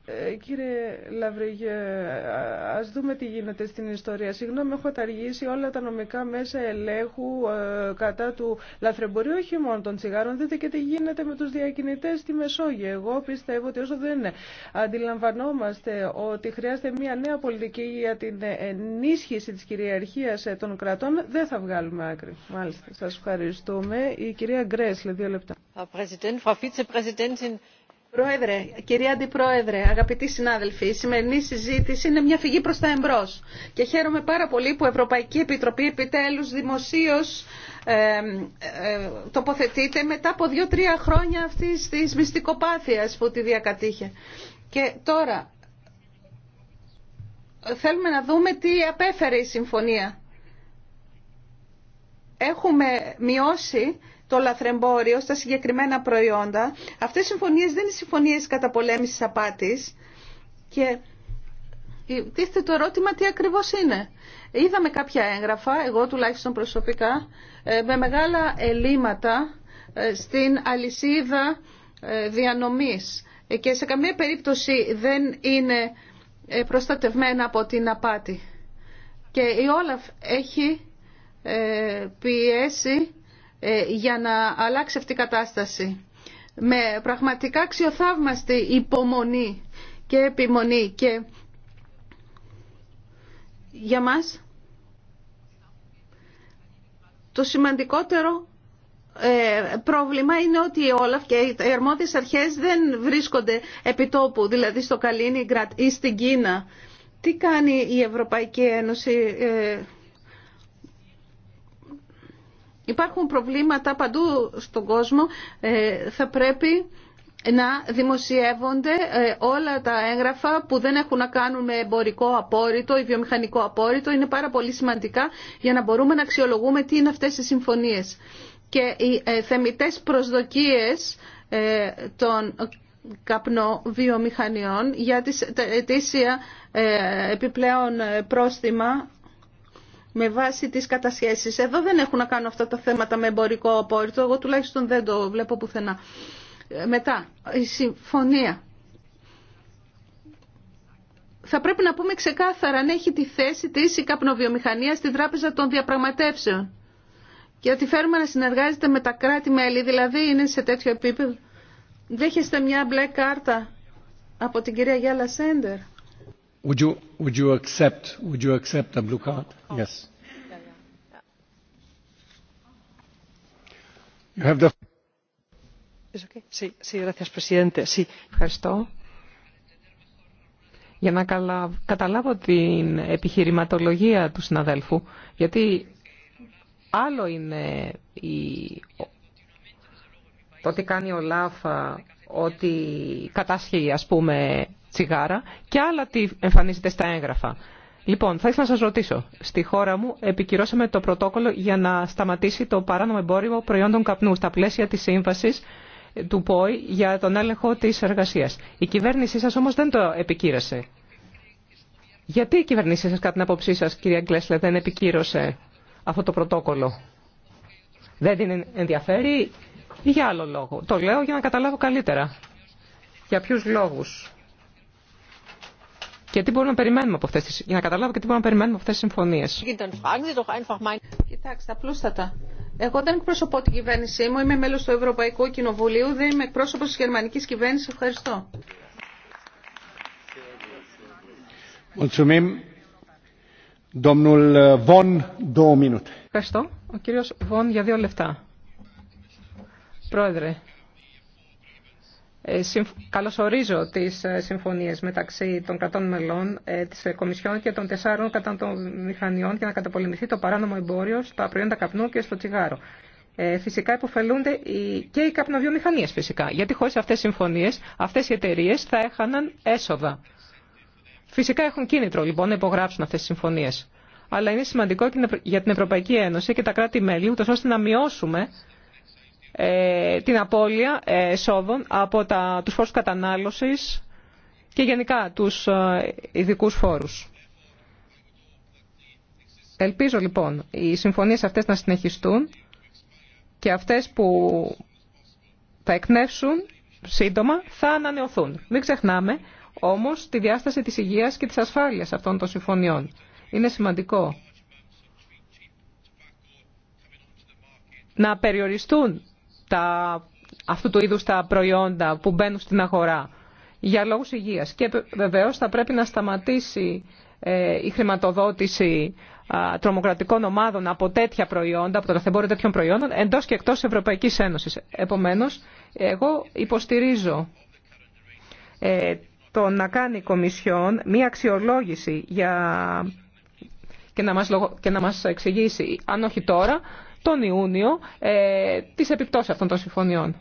Ε, κύριε Λαβρίγε, ας δούμε τι γίνεται στην ιστορία. Συγγνώμη, έχω ταργήσει όλα τα νομικά μέσα ελέγχου ε, κατά του λαθρεμπορίου, όχι μόνο των τσιγάρων. Δείτε και τι γίνεται με τους διακινητές στη Μεσόγειο. Εγώ πιστεύω ότι όσο δεν αντιλαμβανόμαστε ότι χρειάζεται μια νέα πολιτική για την ενίσχυση της κυριαρχίας των κρατών, δεν θα βγάλουμε άκρη. Μάλιστα, σας ευχαριστούμε. Η κυρία Γκρέσλε, δύο λεπτά. Πρόεδρε, κυρία Αντιπρόεδρε, αγαπητοί συνάδελφοι, η σημερινή συζήτηση είναι μια φυγή προς τα εμπρός και χαίρομαι πάρα πολύ που η Ευρωπαϊκή Επιτροπή επιτέλους δημοσίως ε, ε τοποθετείται μετά από δύο-τρία χρόνια αυτής της μυστικοπάθειας που τη διακατήχε. Και τώρα θέλουμε να δούμε τι απέφερε η συμφωνία. Έχουμε μειώσει το λαθρεμπόριο, στα συγκεκριμένα προϊόντα. Αυτές οι συμφωνίες δεν είναι συμφωνίες κατά πολέμησης απάτης και τίθεται το ερώτημα τι ακριβώς είναι. Είδαμε κάποια έγγραφα, εγώ τουλάχιστον προσωπικά, ε, με μεγάλα ελλείμματα ε, στην αλυσίδα ε, διανομής και σε καμία περίπτωση δεν είναι προστατευμένα από την απάτη. Και η Όλαφ έχει πιέσει ε, για να αλλάξει αυτή η κατάσταση. Με πραγματικά αξιοθαύμαστη υπομονή και επιμονή και για μας το σημαντικότερο ε, πρόβλημα είναι ότι η Όλαφ και οι αρμόδιες αρχές δεν βρίσκονται επί τόπου, δηλαδή στο Καλίνιγκρατ ή στην Κίνα. Τι κάνει η Ευρωπαϊκή Ένωση ε, Υπάρχουν προβλήματα παντού στον κόσμο. Ε, θα πρέπει να δημοσιεύονται ε, όλα τα έγγραφα που δεν έχουν να κάνουν με εμπορικό απόρριτο ή βιομηχανικό απόρριτο. Είναι πάρα πολύ σημαντικά για να μπορούμε να αξιολογούμε τι είναι αυτές οι συμφωνίες. Και οι ε, θεμητές προσδοκίες των καπνοβιομηχανιών για τις ετήσια επιπλέον πρόστιμα με βάση τις κατασχέσεις. Εδώ δεν έχουν να κάνουν αυτά τα θέματα με εμπορικό απόρριτο, εγώ τουλάχιστον δεν το βλέπω πουθενά. Ε, μετά, η συμφωνία. Θα πρέπει να πούμε ξεκάθαρα αν έχει τη θέση της η καπνοβιομηχανία στη Τράπεζα των Διαπραγματεύσεων. Και ότι φέρουμε να συνεργάζεται με τα κράτη-μέλη, δηλαδή είναι σε τέτοιο επίπεδο. Δέχεστε μια μπλε κάρτα από την κυρία Γιάλα Σέντερ. Would Would you accept? Would you accept a blue card? Oh. Yes. You have the. Sí, sí, gracias, presidente. Sí, ευχαριστώ. Για να καταλάβω την επιχειρηματολογία του συναδέλφου, γιατί άλλο είναι η... το ότι κάνει ο Λάφα, ότι κατάσχει, ας πούμε, τσιγάρα και άλλα τι εμφανίζεται στα έγγραφα. Λοιπόν, θα ήθελα να σα ρωτήσω. Στη χώρα μου επικυρώσαμε το πρωτόκολλο για να σταματήσει το παράνομο εμπόριο προϊόντων καπνού στα πλαίσια τη σύμβαση του ΠΟΗ για τον έλεγχο τη εργασία. Η κυβέρνησή σα όμω δεν το επικύρωσε. Γιατί η κυβέρνησή σα, κατά την άποψή σα, κυρία Γκλέσλε, δεν επικύρωσε αυτό το πρωτόκολλο. Δεν την ενδιαφέρει ή για άλλο λόγο. Το λέω για να καταλάβω καλύτερα. Για ποιου λόγου και τι μπορούμε να περιμένουμε από αυτές τις, για να καταλάβω και τι μπορούμε να περιμένουμε από αυτές τις συμφωνίες. Κοιτάξτε, απλούστατα. Εγώ δεν εκπροσωπώ την κυβέρνησή μου, είμαι μέλος του Ευρωπαϊκού Κοινοβουλίου, δεν είμαι εκπρόσωπος της γερμανικής κυβέρνησης. Ευχαριστώ. Ευχαριστώ. Ο κύριος Βον για δύο λεπτά. Πρόεδρε, ε, καλωσορίζω τις ε, συμφωνίες μεταξύ των κρατών μελών ε, της Κομισιόν και των τεσσάρων των μηχανιών για να καταπολεμηθεί το παράνομο εμπόριο στα προϊόντα καπνού και στο τσιγάρο. φυσικά υποφελούνται και οι καπνοβιομηχανίες φυσικά, γιατί χωρίς αυτές τις συμφωνίες αυτές οι εταιρείε θα έχαναν έσοδα. Φυσικά έχουν κίνητρο λοιπόν να υπογράψουν αυτές τις συμφωνίες. Αλλά είναι σημαντικό για την Ευρωπαϊκή Ένωση και τα κράτη-μέλη, ούτως ώστε να μειώσουμε ε, την απώλεια ε, εσόδων από τα, τους φόρους κατανάλωσης και γενικά τους ε, ειδικού φόρους. Ελπίζω λοιπόν οι συμφωνίες αυτές να συνεχιστούν και αυτές που θα εκνεύσουν σύντομα θα ανανεωθούν. Μην ξεχνάμε όμως τη διάσταση της υγείας και της ασφάλειας αυτών των συμφωνιών. Είναι σημαντικό να περιοριστούν τα, αυτού του είδους τα προϊόντα που μπαίνουν στην αγορά για λόγους υγείας. Και βεβαίως θα πρέπει να σταματήσει ε, η χρηματοδότηση τρομοκρατικών ομάδων από τέτοια προϊόντα, από το λαθεμπόριο τέτοιων προϊόντων, εντός και εκτός Ευρωπαϊκής Ένωσης. Επομένως, εγώ υποστηρίζω ε, το να κάνει η Κομισιόν μία αξιολόγηση για... και, να μας... και να μας εξηγήσει, αν όχι τώρα, τον Ιούνιο ε, τις επιπτώσεις αυτών των συμφωνιών.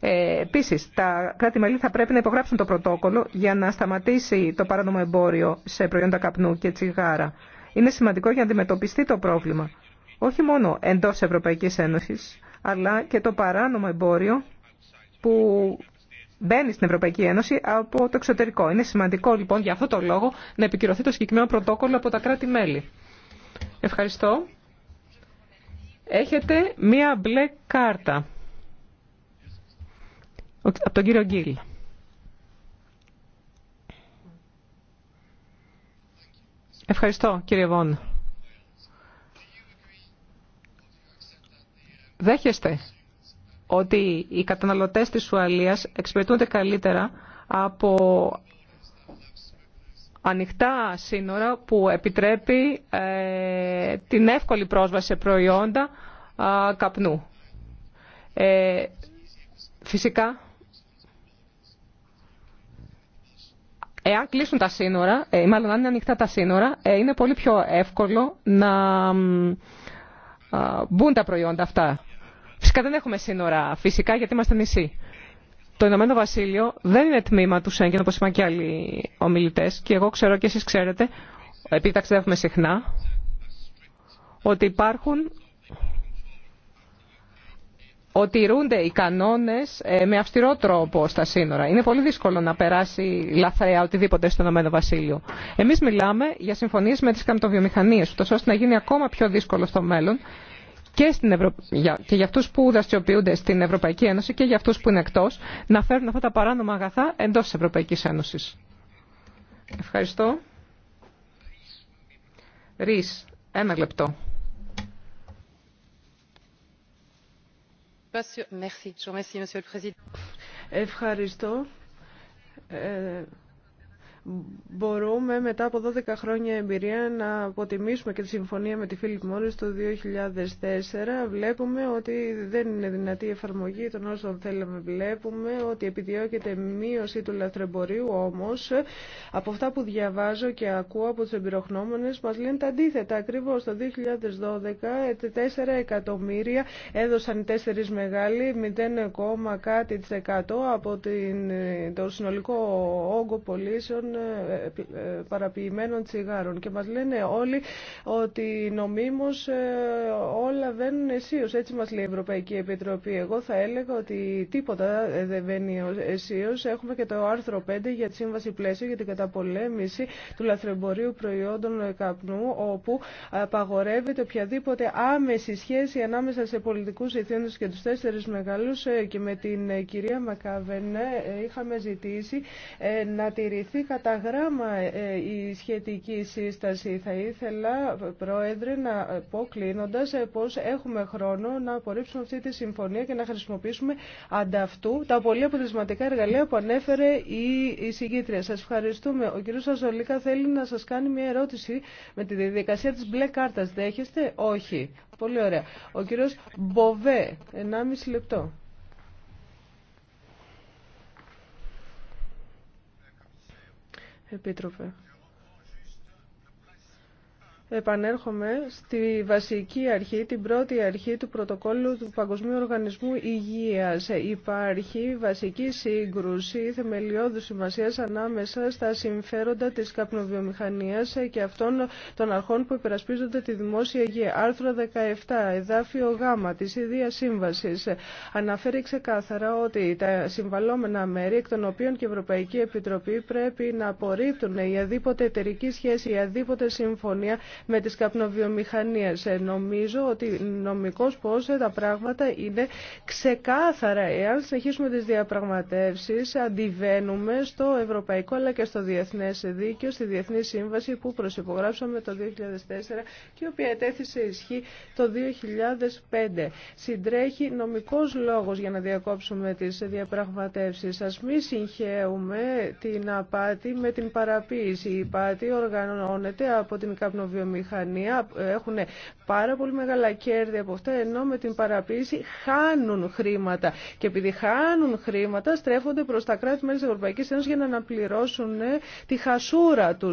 Ε, Επίση, τα κράτη-μέλη θα πρέπει να υπογράψουν το πρωτόκολλο για να σταματήσει το παράνομο εμπόριο σε προϊόντα καπνού και τσιγάρα. Είναι σημαντικό για να αντιμετωπιστεί το πρόβλημα. Όχι μόνο εντό Ευρωπαϊκής Ένωσης, αλλά και το παράνομο εμπόριο που μπαίνει στην Ευρωπαϊκή Ένωση από το εξωτερικό. Είναι σημαντικό λοιπόν για αυτό το λόγο να επικυρωθεί το συγκεκριμένο πρωτόκολλο από τα κράτη-μέλη. Ευχαριστώ. Έχετε μία μπλε κάρτα από τον κύριο Γκίλ. Ευχαριστώ κύριε Βόν. Δέχεστε ότι οι καταναλωτές της Ουαλίας εξυπηρετούνται καλύτερα από ανοιχτά σύνορα που επιτρέπει ε, την εύκολη πρόσβαση σε προϊόντα καπνού. Ε, φυσικά, εάν κλείσουν τα σύνορα, ε, ή μάλλον αν είναι ανοιχτά τα σύνορα, ε, είναι πολύ πιο εύκολο να μπουν τα προϊόντα αυτά. Φυσικά δεν έχουμε σύνορα φυσικά γιατί είμαστε νησί το Ηνωμένο Βασίλειο δεν είναι τμήμα του Σέγγεν, όπως είπαν και άλλοι ομιλητές, και εγώ ξέρω και εσείς ξέρετε, επειδή ταξιδεύουμε συχνά, ότι υπάρχουν, ότι ρούνται οι κανόνες ε, με αυστηρό τρόπο στα σύνορα. Είναι πολύ δύσκολο να περάσει λαθρέα οτιδήποτε στο Ηνωμένο Βασίλειο. Εμείς μιλάμε για συμφωνίες με τις καμπτοβιομηχανίε, ώστε να γίνει ακόμα πιο δύσκολο στο μέλλον και, στην Ευρω... και για αυτούς που δραστηριοποιούνται στην Ευρωπαϊκή Ένωση και για αυτούς που είναι εκτός να φέρουν αυτά τα παράνομα αγαθά εντός της Ευρωπαϊκής Ένωσης. Ευχαριστώ. Ρη, ένα λεπτό. Ευχαριστώ. Ε, μπορούμε μετά από 12 χρόνια εμπειρία να αποτιμήσουμε και τη συμφωνία με τη Φίλιπ Μόρις το 2004. Βλέπουμε ότι δεν είναι δυνατή η εφαρμογή των όσων θέλαμε. Βλέπουμε ότι επιδιώκεται μείωση του λαθρεμπορίου, όμως από αυτά που διαβάζω και ακούω από τους εμπειροχνόμενες μας λένε τα αντίθετα. Ακριβώς το 2012 4 εκατομμύρια έδωσαν οι μεγάλοι 0, κάτι από την, το συνολικό όγκο πωλήσεων ε, ε, παραποιημένων τσιγάρων και μας λένε όλοι ότι νομίμως ε, όλα βαίνουν αισίως. Έτσι μας λέει η Ευρωπαϊκή Επιτροπή. Εγώ θα έλεγα ότι τίποτα δεν βαίνει αισίως. Έχουμε και το άρθρο 5 για τη σύμβαση πλαίσιο για την καταπολέμηση του λαθρεμπορίου προϊόντων καπνού όπου απαγορεύεται οποιαδήποτε άμεση σχέση ανάμεσα σε πολιτικούς ηθήνους και τους τέσσερις μεγάλους και με την κυρία Μακάβεν είχαμε ζητήσει να τηρηθεί κατά κατά γράμμα ε, η σχετική σύσταση. Θα ήθελα, Πρόεδρε, να πω κλείνοντα ε, πώ έχουμε χρόνο να απορρίψουμε αυτή τη συμφωνία και να χρησιμοποιήσουμε ανταυτού τα πολύ αποτελεσματικά εργαλεία που ανέφερε η συγκήτρια. Σα ευχαριστούμε. Ο κ. Σαζολίκα θέλει να σα κάνει μια ερώτηση με τη διαδικασία τη μπλε κάρτα. Δέχεστε, όχι. Πολύ ωραία. Ο κ. Μποβέ, 1,5 λεπτό. Επίτροπε επανέρχομαι στη βασική αρχή, την πρώτη αρχή του πρωτοκόλλου του Παγκοσμίου Οργανισμού Υγείας. Υπάρχει βασική σύγκρουση θεμελιώδου σημασίας ανάμεσα στα συμφέροντα της καπνοβιομηχανίας και αυτών των αρχών που υπερασπίζονται τη δημόσια υγεία. Άρθρο 17, εδάφιο Γ της Ιδίας Σύμβασης, αναφέρει ξεκάθαρα ότι τα συμβαλόμενα μέρη, εκ των οποίων και η Ευρωπαϊκή Επιτροπή πρέπει να απορρίπτουν η αδίποτε εταιρική σχέση, η αδίποτε συμφωνία με τις καπνοβιομηχανίες. Ε, νομίζω ότι νομικός πώς ε, τα πράγματα είναι ξεκάθαρα. Εάν συνεχίσουμε τις διαπραγματεύσεις, αντιβαίνουμε στο ευρωπαϊκό αλλά και στο διεθνές δίκαιο, στη Διεθνή Σύμβαση που προσυπογράψαμε το 2004 και η οποία ετέθησε ισχύ το 2005. Συντρέχει νομικός λόγος για να διακόψουμε τις διαπραγματεύσεις. Ας μη συγχαίουμε την απάτη με την παραποίηση. Η απάτη οργανώνεται από την καπνοβιομηχανία έχουν πάρα πολύ μεγάλα κέρδη από αυτά, ενώ με την παραποίηση χάνουν χρήματα. Και επειδή χάνουν χρήματα, στρέφονται προ τα κράτη-μέλη τη Ευρωπαϊκή Ένωση για να αναπληρώσουν ε, τη χασούρα του.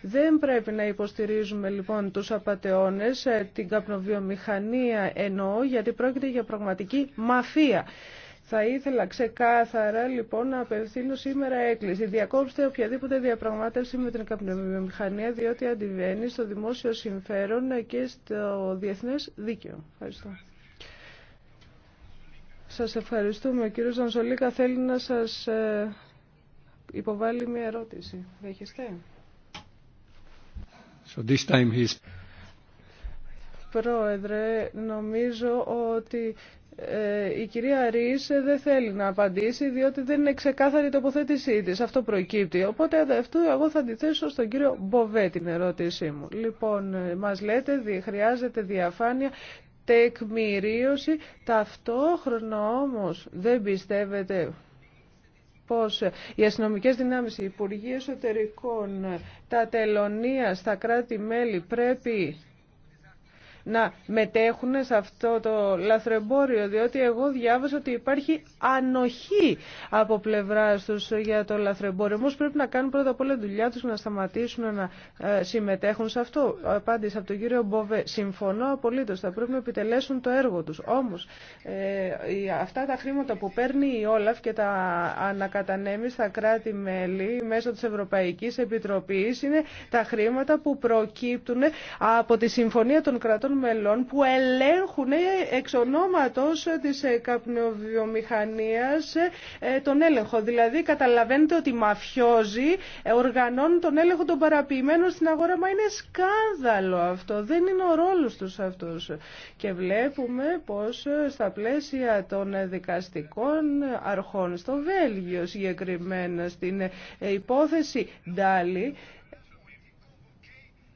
Δεν πρέπει να υποστηρίζουμε λοιπόν του απαταιώνε, ε, την καπνοβιομηχανία εννοώ, γιατί πρόκειται για πραγματική μαφία. Θα ήθελα ξεκάθαρα λοιπόν να απευθύνω σήμερα έκκληση. Διακόψτε οποιαδήποτε διαπραγμάτευση με την καπνομηχανία διότι αντιβαίνει στο δημόσιο συμφέρον και στο διεθνές δίκαιο. Ευχαριστώ. Σας ευχαριστούμε. Ο κύριος Ζανσολίκα θέλει να σας ε, υποβάλει μια ερώτηση. Δέχεστε. So this time he's... Πρόεδρε, νομίζω ότι ε, η κυρία Ρίς δεν θέλει να απαντήσει διότι δεν είναι ξεκάθαρη η τοποθέτησή της. Αυτό προκύπτει. Οπότε αυτού εγώ θα αντιθέσω στον κύριο Μποβέ την ερώτησή μου. Λοιπόν, ε, μας λέτε χρειάζεται διαφάνεια τεκμηρίωση. Ταυτόχρονα όμως δεν πιστεύετε πως οι αστυνομικέ δυνάμεις, οι Υπουργοί Εσωτερικών, τα τελωνία στα κράτη-μέλη πρέπει να μετέχουν σε αυτό το λαθρεμπόριο, διότι εγώ διάβασα ότι υπάρχει ανοχή από πλευρά του για το λαθρεμπόριο. Όμω πρέπει να κάνουν πρώτα απ' όλα δουλειά του να σταματήσουν να ε, συμμετέχουν σε αυτό. Απάντησα από τον κύριο Μπόβε. Συμφωνώ απολύτω. Θα πρέπει να επιτελέσουν το έργο του. Όμω ε, αυτά τα χρήματα που παίρνει η Όλαφ και τα ανακατανέμει στα κράτη-μέλη μέσω τη Ευρωπαϊκή Επιτροπή είναι τα χρήματα που προκύπτουν από τη Συμφωνία των Κρατών μελών που ελέγχουν εξ ονόματος της ε, καπνοβιομηχανίας ε, τον έλεγχο. Δηλαδή καταλαβαίνετε ότι οι μαφιόζοι ε, τον έλεγχο των παραποιημένων στην αγορά. Μα είναι σκάνδαλο αυτό. Δεν είναι ο ρόλος τους αυτός. Και βλέπουμε πως στα πλαίσια των δικαστικών αρχών, στο Βέλγιο συγκεκριμένα, στην υπόθεση Ντάλι,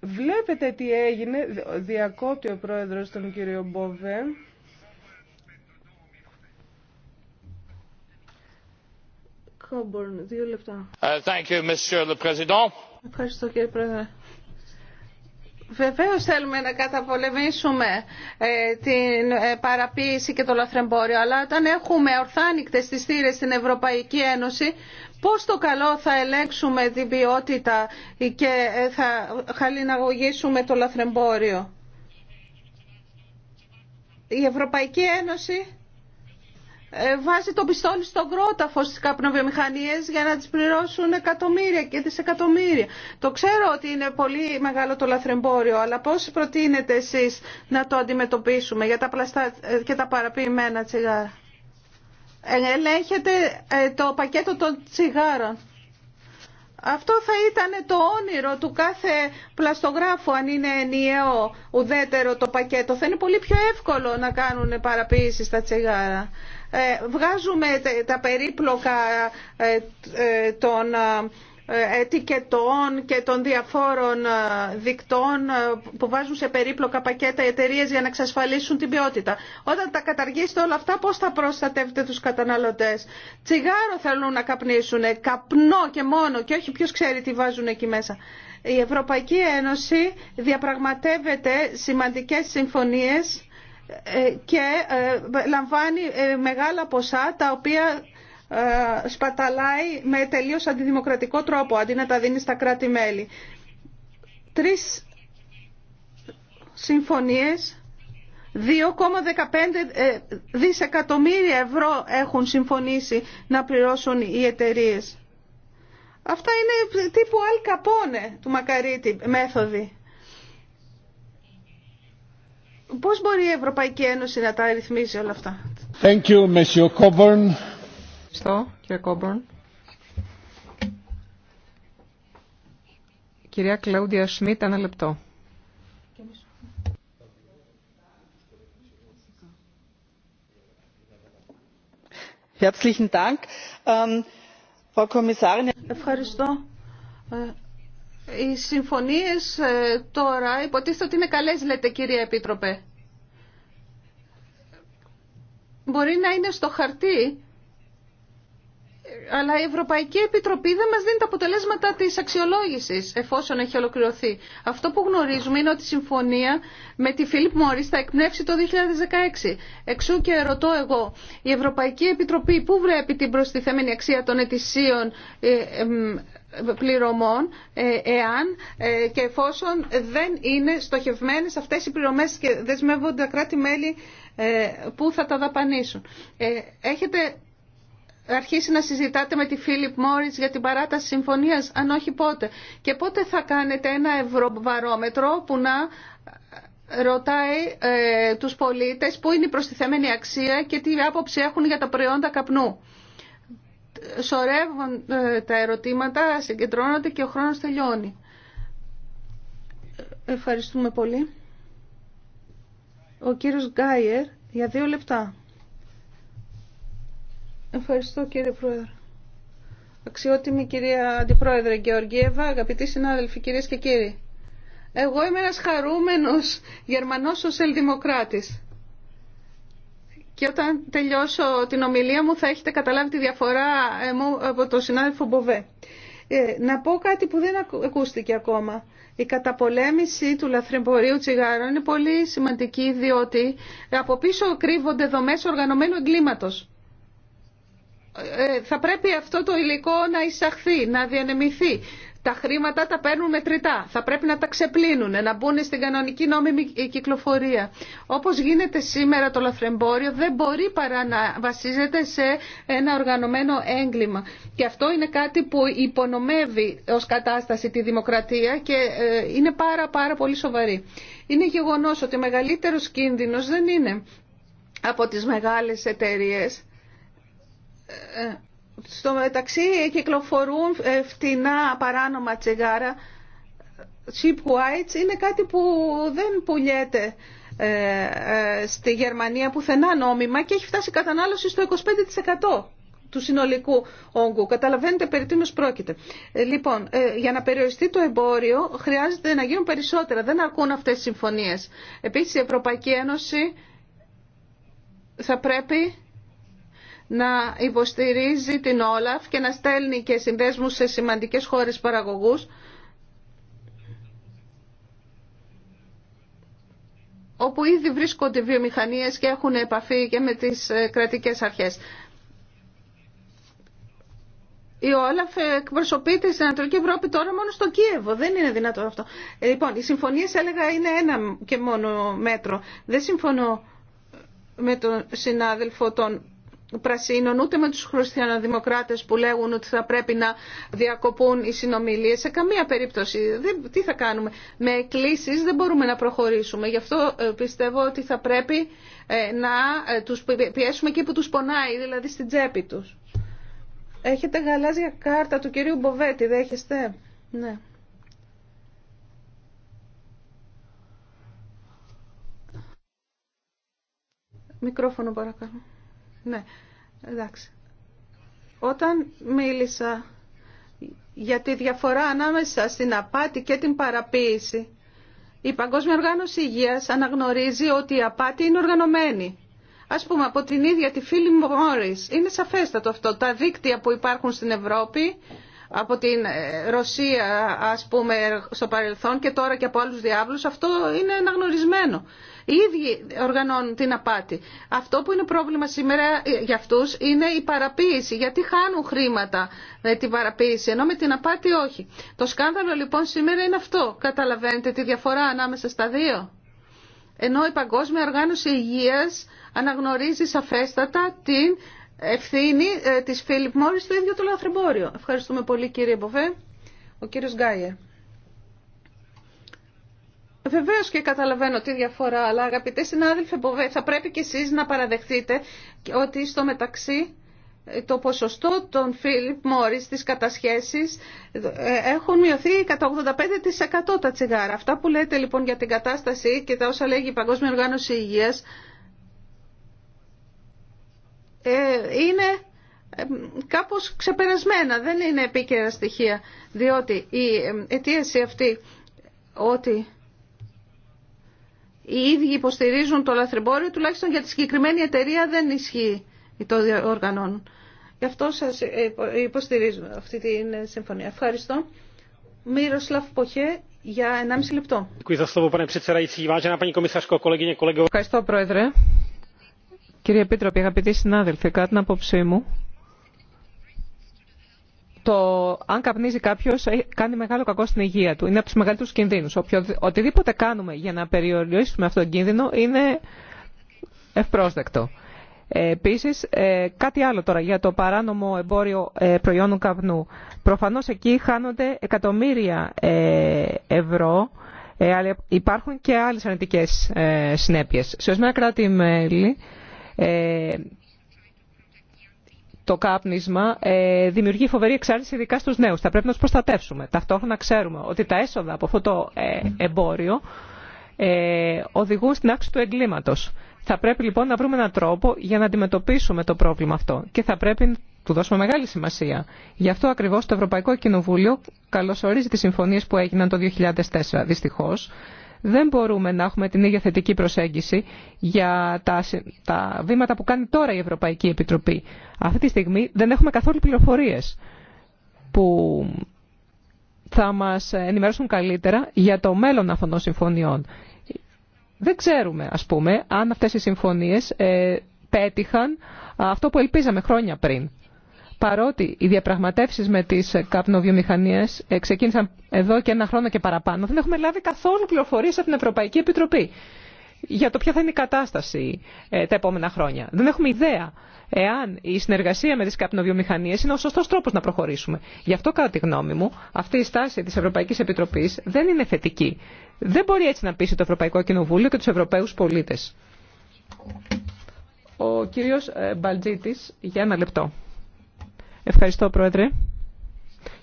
Βλέπετε τι έγινε, διακόπτει ο πρόεδρος τον κύριο Μπόβε. Κόμπορν, δύο λεπτά. Ε, thank you, Monsieur le Président. Ευχαριστώ κύριε Πρόεδρε. Βεβαίως θέλουμε να καταπολεμήσουμε ε, την ε, παραποίηση και το λαθρεμπόριο, αλλά όταν έχουμε ορθάνικτες τις θύρες στην Ευρωπαϊκή Ένωση, Πώς το καλό θα ελέγξουμε την ποιότητα και θα χαλιναγωγήσουμε το λαθρεμπόριο. Η Ευρωπαϊκή Ένωση ε, βάζει το πιστόλι στον κρόταφο στις καπνοβιομηχανίες για να τις πληρώσουν εκατομμύρια και δισεκατομμύρια. Το ξέρω ότι είναι πολύ μεγάλο το λαθρεμπόριο, αλλά πώς προτείνετε εσείς να το αντιμετωπίσουμε για τα πλαστά ε, και τα παραποιημένα τσιγάρα ελέγχεται ε, το πακέτο των τσιγάρων. Αυτό θα ήταν το όνειρο του κάθε πλαστογράφου αν είναι ενιαίο ουδέτερο το πακέτο. Θα είναι πολύ πιο εύκολο να κάνουν παραποίηση στα τσιγάρα. Ε, βγάζουμε τα περίπλοκα ε, ε των ε, ετικετών και των διαφόρων ε, δικτών ε, που βάζουν σε περίπλοκα πακέτα οι εταιρείε για να εξασφαλίσουν την ποιότητα. Όταν τα καταργήσετε όλα αυτά, πώς θα προστατεύετε τους καταναλωτές. Τσιγάρο θέλουν να καπνίσουν, καπνό και μόνο και όχι ποιο ξέρει τι βάζουν εκεί μέσα. Η Ευρωπαϊκή Ένωση διαπραγματεύεται σημαντικές συμφωνίες και λαμβάνει μεγάλα ποσά τα οποία ε, σπαταλάει με τελείως αντιδημοκρατικό τρόπο αντί να τα δίνει στα κράτη-μέλη. Τρεις συμφωνίες 2,15 ε, δισεκατομμύρια ευρώ έχουν συμφωνήσει να πληρώσουν οι εταιρείε. Αυτά είναι τύπου αλκαπόνε του Μακαρίτη μέθοδη. Πώς μπορεί η Ευρωπαϊκή Ένωση να τα ρυθμίσει όλα αυτά. Thank you, Ευχαριστώ, κύριε Κόμπορν. Κυρία Κλαούντια Σμιτ, ένα λεπτό. Ähm, Ευχαριστώ. Ε, οι συμφωνίε ε, τώρα υποτίθεται ότι είναι καλές, λέτε κυρία Επίτροπε. Μπορεί να είναι στο χαρτί, αλλά η Ευρωπαϊκή Επιτροπή δεν μας δίνει τα αποτελέσματα της αξιολόγησης εφόσον έχει ολοκληρωθεί. Αυτό που γνωρίζουμε είναι ότι η συμφωνία με τη Φίλιπ Μόρις θα εκπνεύσει το 2016. Εξού και ρωτώ εγώ, η Ευρωπαϊκή Επιτροπή πού βλέπει την προστιθέμενη αξία των ετησίων ε, πληρωμών ε, εάν ε, και εφόσον δεν είναι στοχευμένες αυτές οι πληρωμές και δεσμεύονται τα κράτη-μέλη που θα τα δαπανίσουν. Έχετε αρχίσει να συζητάτε με τη Φίλιπ Μόριτς για την παράταση συμφωνίας, αν όχι πότε. Και πότε θα κάνετε ένα ευρωβαρόμετρο που να ρωτάει ε, τους πολίτες πού είναι η προστιθέμενη αξία και τι άποψη έχουν για τα προϊόντα καπνού. Σορεύουν ε, τα ερωτήματα, συγκεντρώνονται και ο χρόνος τελειώνει. Ευχαριστούμε πολύ. Ο κύριος Γκάιερ για δύο λεπτά. Ευχαριστώ κύριε Πρόεδρε. Αξιότιμη κυρία Αντιπρόεδρε Γεωργίευα, αγαπητοί συνάδελφοι, κυρίε και κύριοι. Εγώ είμαι ένας χαρούμενος Γερμανός σοσιαλδημοκράτης. Και όταν τελειώσω την ομιλία μου θα έχετε καταλάβει τη διαφορά ε, μου από τον συνάδελφο Μποβέ. Ε, να πω κάτι που δεν ακούστηκε ακόμα. Η καταπολέμηση του λαθρεμπορίου τσιγάρων είναι πολύ σημαντική διότι από πίσω κρύβονται δομές οργανωμένου εγκλήματος. Ε, θα πρέπει αυτό το υλικό να εισαχθεί, να διανεμηθεί. Τα χρήματα τα παίρνουν μετρητά. Θα πρέπει να τα ξεπλύνουν, να μπουν στην κανονική νόμιμη κυκλοφορία. Όπω γίνεται σήμερα το λαφρεμπόριο δεν μπορεί παρά να βασίζεται σε ένα οργανωμένο έγκλημα. Και αυτό είναι κάτι που υπονομεύει ω κατάσταση τη δημοκρατία και ε, είναι πάρα πάρα πολύ σοβαρή. Είναι γεγονό ότι ο μεγαλύτερο κίνδυνο δεν είναι από τι μεγάλε εταιρείε ε, ε, στο μεταξύ κυκλοφορούν ε, φτηνά παράνομα τσιγάρα. Cheap whites είναι κάτι που δεν πουλιέται στη Γερμανία πουθενά νόμιμα και έχει φτάσει κατανάλωση στο 25% του συνολικού όγκου. Καταλαβαίνετε περί τίνος πρόκειται. λοιπόν, για να περιοριστεί το εμπόριο χρειάζεται να γίνουν περισσότερα. Δεν αρκούν αυτές οι συμφωνίες. Επίσης η Ευρωπαϊκή Ένωση θα πρέπει να υποστηρίζει την Όλαφ και να στέλνει και συνδέσμους σε σημαντικές χώρες παραγωγούς όπου ήδη βρίσκονται βιομηχανίες και έχουν επαφή και με τις ε, κρατικές αρχές. Η Όλαφ εκπροσωπείται στην Ανατολική Ευρώπη τώρα μόνο στο Κίεβο. Δεν είναι δυνατό αυτό. Ε, λοιπόν, οι συμφωνίες έλεγα είναι ένα και μόνο μέτρο. Δεν συμφωνώ με τον συνάδελφο των πρασίνων ούτε με τους χριστιανοδημοκράτες που λέγουν ότι θα πρέπει να διακοπούν οι συνομιλίες σε καμία περίπτωση. Δεν, τι θα κάνουμε. Με εκκλήσεις δεν μπορούμε να προχωρήσουμε. Γι' αυτό ε, πιστεύω ότι θα πρέπει ε, να ε, τους πιέσουμε εκεί που τους πονάει, δηλαδή στην τσέπη τους. Έχετε γαλάζια κάρτα του κυρίου Μποβέτη, δέχεστε. Ναι. Μικρόφωνο παρακαλώ. Ναι, εντάξει. Όταν μίλησα για τη διαφορά ανάμεσα στην απάτη και την παραποίηση, η Παγκόσμια Οργάνωση Υγείας αναγνωρίζει ότι η απάτη είναι οργανωμένη. Ας πούμε από την ίδια τη Φίλη Μόρις. Είναι σαφέστατο αυτό. Τα δίκτυα που υπάρχουν στην Ευρώπη από την ε, Ρωσία ας πούμε ε, στο παρελθόν και τώρα και από άλλους διάβλους αυτό είναι αναγνωρισμένο οι ίδιοι οργανώνουν την απάτη. Αυτό που είναι πρόβλημα σήμερα για αυτούς είναι η παραποίηση, γιατί χάνουν χρήματα με την παραποίηση, ενώ με την απάτη όχι. Το σκάνδαλο λοιπόν σήμερα είναι αυτό. Καταλαβαίνετε τη διαφορά ανάμεσα στα δύο. Ενώ η Παγκόσμια Οργάνωση Υγεία αναγνωρίζει σαφέστατα την ευθύνη ε, της Φίλιπ Μόρις στο ίδιο το λαθρεμπόριο. Ευχαριστούμε πολύ κύριε Μποβέ. Ο κύριος Γκάιερ. Βεβαίω και καταλαβαίνω τη διαφορά, αλλά αγαπητέ συνάδελφε, θα πρέπει και εσεί να παραδεχτείτε ότι στο μεταξύ ε, το ποσοστό των Φίλιπ Μόρι στις κατασχέσεις ε, έχουν μειωθεί κατά 85% τα τσιγάρα. Αυτά που λέτε λοιπόν για την κατάσταση και τα όσα λέγει η Παγκόσμια Οργάνωση Υγείας ε, είναι κάπως ξεπερασμένα, δεν είναι επίκαιρα στοιχεία, διότι η αιτίαση αυτή ότι οι ίδιοι υποστηρίζουν το λαθρεμπόριο, τουλάχιστον για τη συγκεκριμένη εταιρεία δεν ισχύει το οργανών. Γι' αυτό σας ε, υποστηρίζουμε αυτή τη συμφωνία. Ευχαριστώ. Μύροσλαφ Ποχέ για 1,5 λεπτό. Ευχαριστώ, Πρόεδρε. Κύριε Επίτροπη, αγαπητοί συνάδελφοι, κάτι την άποψή μου το αν καπνίζει κάποιο ε, κάνει μεγάλο κακό στην υγεία του. Είναι από του μεγαλύτερου κινδύνου. Οτιδήποτε κάνουμε για να περιορίσουμε αυτόν τον κίνδυνο είναι ευπρόσδεκτο. Ε, Επίση, ε, κάτι άλλο τώρα για το παράνομο εμπόριο ε, προϊόντων καπνού. Προφανώ εκεί χάνονται εκατομμύρια ευρώ, αλλά υπάρχουν και άλλε αρνητικέ συνέπειες. Σε ορισμένα κράτη-μέλη το κάπνισμα ε, δημιουργεί φοβερή εξάρτηση ειδικά στους νέους. Θα πρέπει να τους προστατεύσουμε. Ταυτόχρονα ξέρουμε ότι τα έσοδα από αυτό το ε, εμπόριο ε, οδηγούν στην άξιση του εγκλήματος. Θα πρέπει λοιπόν να βρούμε έναν τρόπο για να αντιμετωπίσουμε το πρόβλημα αυτό και θα πρέπει να του δώσουμε μεγάλη σημασία. Γι' αυτό ακριβώς το Ευρωπαϊκό Κοινοβούλιο καλωσορίζει τις συμφωνίες που έγιναν το 2004. Δυστυχώς δεν μπορούμε να έχουμε την ίδια θετική προσέγγιση για τα, τα βήματα που κάνει τώρα η Ευρωπαϊκή Επιτροπή. Αυτή τη στιγμή δεν έχουμε καθόλου πληροφορίες που θα μας ενημερώσουν καλύτερα για το μέλλον αυτών των συμφωνιών. Δεν ξέρουμε, ας πούμε, αν αυτές οι συμφωνίες ε, πέτυχαν αυτό που ελπίζαμε χρόνια πριν παρότι οι διαπραγματεύσεις με τις καπνοβιομηχανίες ε, ξεκίνησαν εδώ και ένα χρόνο και παραπάνω, δεν έχουμε λάβει καθόλου πληροφορίες από την Ευρωπαϊκή Επιτροπή για το ποια θα είναι η κατάσταση ε, τα επόμενα χρόνια. Δεν έχουμε ιδέα εάν η συνεργασία με τις καπνοβιομηχανίες είναι ο σωστός τρόπος να προχωρήσουμε. Γι' αυτό κατά τη γνώμη μου αυτή η στάση της Ευρωπαϊκής Επιτροπής δεν είναι θετική. Δεν μπορεί έτσι να πείσει το Ευρωπαϊκό Κοινοβούλιο και τους Ευρωπαίους πολίτες. Ο κύριος ε, Μπαλτζίτης για ένα λεπτό. Ευχαριστώ, Πρόεδρε.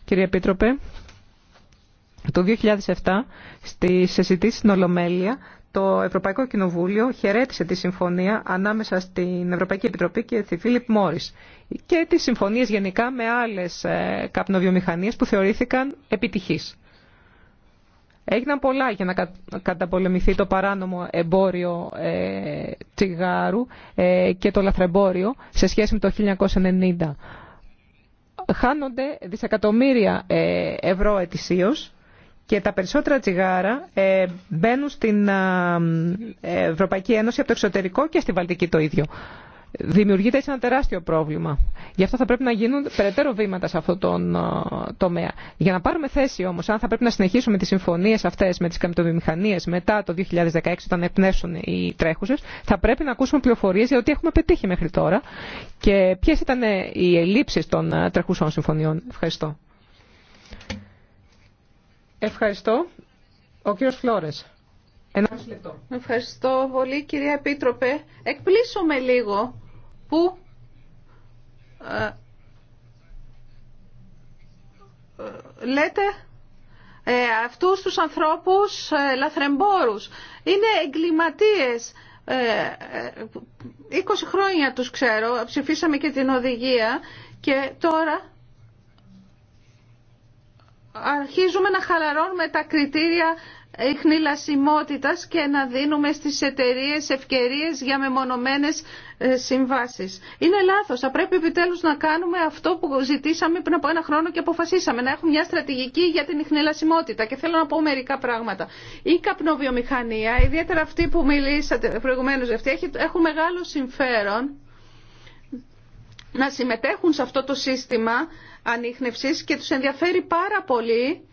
Κύριε Επίτροπε, το 2007 στις συζητήσεις στην Ολομέλεια το Ευρωπαϊκό Κοινοβούλιο χαιρέτησε τη συμφωνία ανάμεσα στην Ευρωπαϊκή Επιτροπή και τη Φίλιπ Μόρις και τις συμφωνίες γενικά με άλλες ε, καπνοβιομηχανίες που θεωρήθηκαν επιτυχής. Έγιναν πολλά για να καταπολεμηθεί το παράνομο εμπόριο ε, τσιγάρου ε, και το λαθρεμπόριο σε σχέση με το 1990 χάνονται δισεκατομμύρια ε, ευρώ ετησίως και τα περισσότερα τσιγάρα ε, μπαίνουν στην ε, Ευρωπαϊκή Ένωση από το εξωτερικό και στη Βαλτική το ίδιο δημιουργείται έτσι ένα τεράστιο πρόβλημα. Γι' αυτό θα πρέπει να γίνουν περαιτέρω βήματα σε αυτό το ε, τομέα. Για να πάρουμε θέση όμω, αν θα πρέπει να συνεχίσουμε τι συμφωνίε αυτέ με τι καμπιτοβιομηχανίε μετά το 2016, όταν επνεύσουν οι τρέχουσε, θα πρέπει να ακούσουμε πληροφορίε για ό,τι έχουμε πετύχει μέχρι τώρα και ποιε ήταν οι ελλείψει των ε, τρεχούσων συμφωνιών. Ευχαριστώ. Ευχαριστώ. Ο κύριος Φλόρες. Ένα Ευχαριστώ πολύ κυρία Επίτροπε. Εκπλήσω λίγο που ε, ε, λέτε ε, αυτούς τους ανθρώπους λαθρεμπόρους. Είναι εγκληματίες. 20 χρόνια τους ξέρω, ψηφίσαμε και την οδηγία και τώρα αρχίζουμε να χαλαρώνουμε τα κριτήρια ιχνηλασιμότητας και να δίνουμε στις εταιρείες ευκαιρίες για μεμονωμένες ε, συμβάσεις. Είναι λάθος. Θα πρέπει επιτέλους να κάνουμε αυτό που ζητήσαμε πριν από ένα χρόνο και αποφασίσαμε. Να έχουμε μια στρατηγική για την ιχνηλασιμότητα. Και θέλω να πω μερικά πράγματα. Η καπνοβιομηχανία, ιδιαίτερα αυτή που μιλήσατε προηγουμένως, αυτή, έχουν μεγάλο συμφέρον να συμμετέχουν σε αυτό το σύστημα ανείχνευσης και τους ενδιαφέρει πάρα πολύ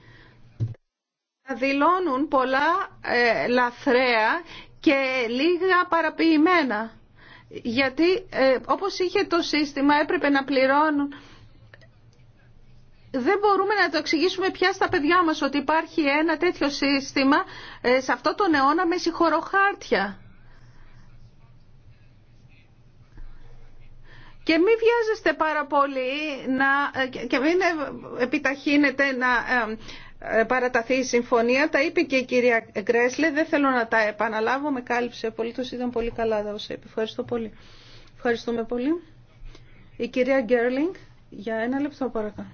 δηλώνουν πολλά ε, λαθρέα και λίγα παραποιημένα. Γιατί ε, όπως είχε το σύστημα έπρεπε να πληρώνουν. Δεν μπορούμε να το εξηγήσουμε πια στα παιδιά μας ότι υπάρχει ένα τέτοιο σύστημα ε, σε αυτό τον αιώνα με συγχωροχάρτια. Και μην βιάζεστε πάρα πολύ να, ε, και μην επιταχύνετε να ε, παραταθεί η συμφωνία. Τα είπε και η κυρία Γκρέσλε, δεν θέλω να τα επαναλάβω, με κάλυψε τους ήταν πολύ καλά τα Ευχαριστώ πολύ. Ευχαριστούμε πολύ. Η κυρία Γκέρλινγκ, για ένα λεπτό παρακαλώ.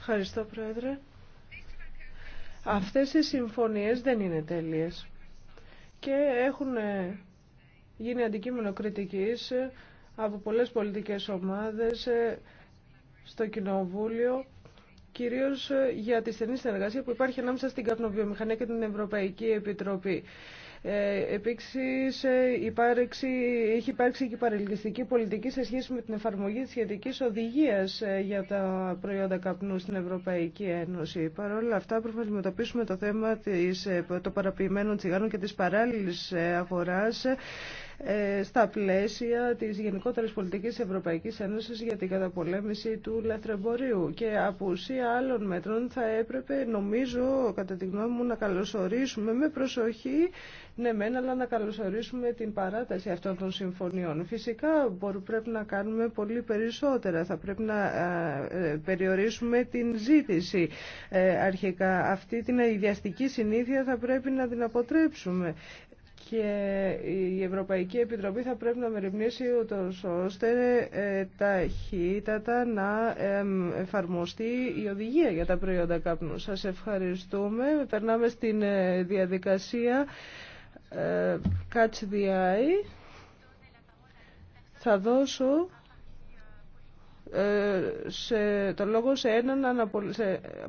Ευχαριστώ, Πρόεδρε. Αυτές οι συμφωνίες δεν είναι τέλειες και έχουν ε, γίνει αντικείμενο κριτικής ε, από πολλές πολιτικές ομάδες στο Κοινοβούλιο Κυρίω ε, για τη στενή συνεργασία που υπάρχει ανάμεσα στην καπνοβιομηχανία και την Ευρωπαϊκή Επιτροπή. Ε, ε έχει υπάρξει και παρελκυστική πολιτική σε σχέση με την εφαρμογή της σχετικής οδηγίας ε, για τα προϊόντα καπνού στην Ευρωπαϊκή Ένωση. Παρ' όλα αυτά, πρέπει να αντιμετωπίσουμε το θέμα των παραποιημένων τσιγάρων και της παράλληλης αγοράς ε, στα πλαίσια της γενικότερης πολιτικής Ευρωπαϊκής Ένωσης για την καταπολέμηση του λαθρεμπορίου και από ουσία άλλων μέτρων θα έπρεπε νομίζω κατά τη γνώμη μου να καλωσορίσουμε με προσοχή ναι μένα αλλά να καλωσορίσουμε την παράταση αυτών των συμφωνιών. Φυσικά μπορούμε, πρέπει να κάνουμε πολύ περισσότερα. Θα πρέπει να ε, περιορίσουμε την ζήτηση ε, αρχικά. Αυτή την ιδιαστική συνήθεια θα πρέπει να την αποτρέψουμε και η Ευρωπαϊκή Επιτροπή θα πρέπει να μεριμνήσει ούτως ώστε ε, ταχύτατα να εφαρμοστεί η οδηγία για τα προϊόντα καπνού. Σας ευχαριστούμε. Περνάμε στην ε, διαδικασία ε, Catch the Eye. Θα δώσω σε, το λόγο σε έναν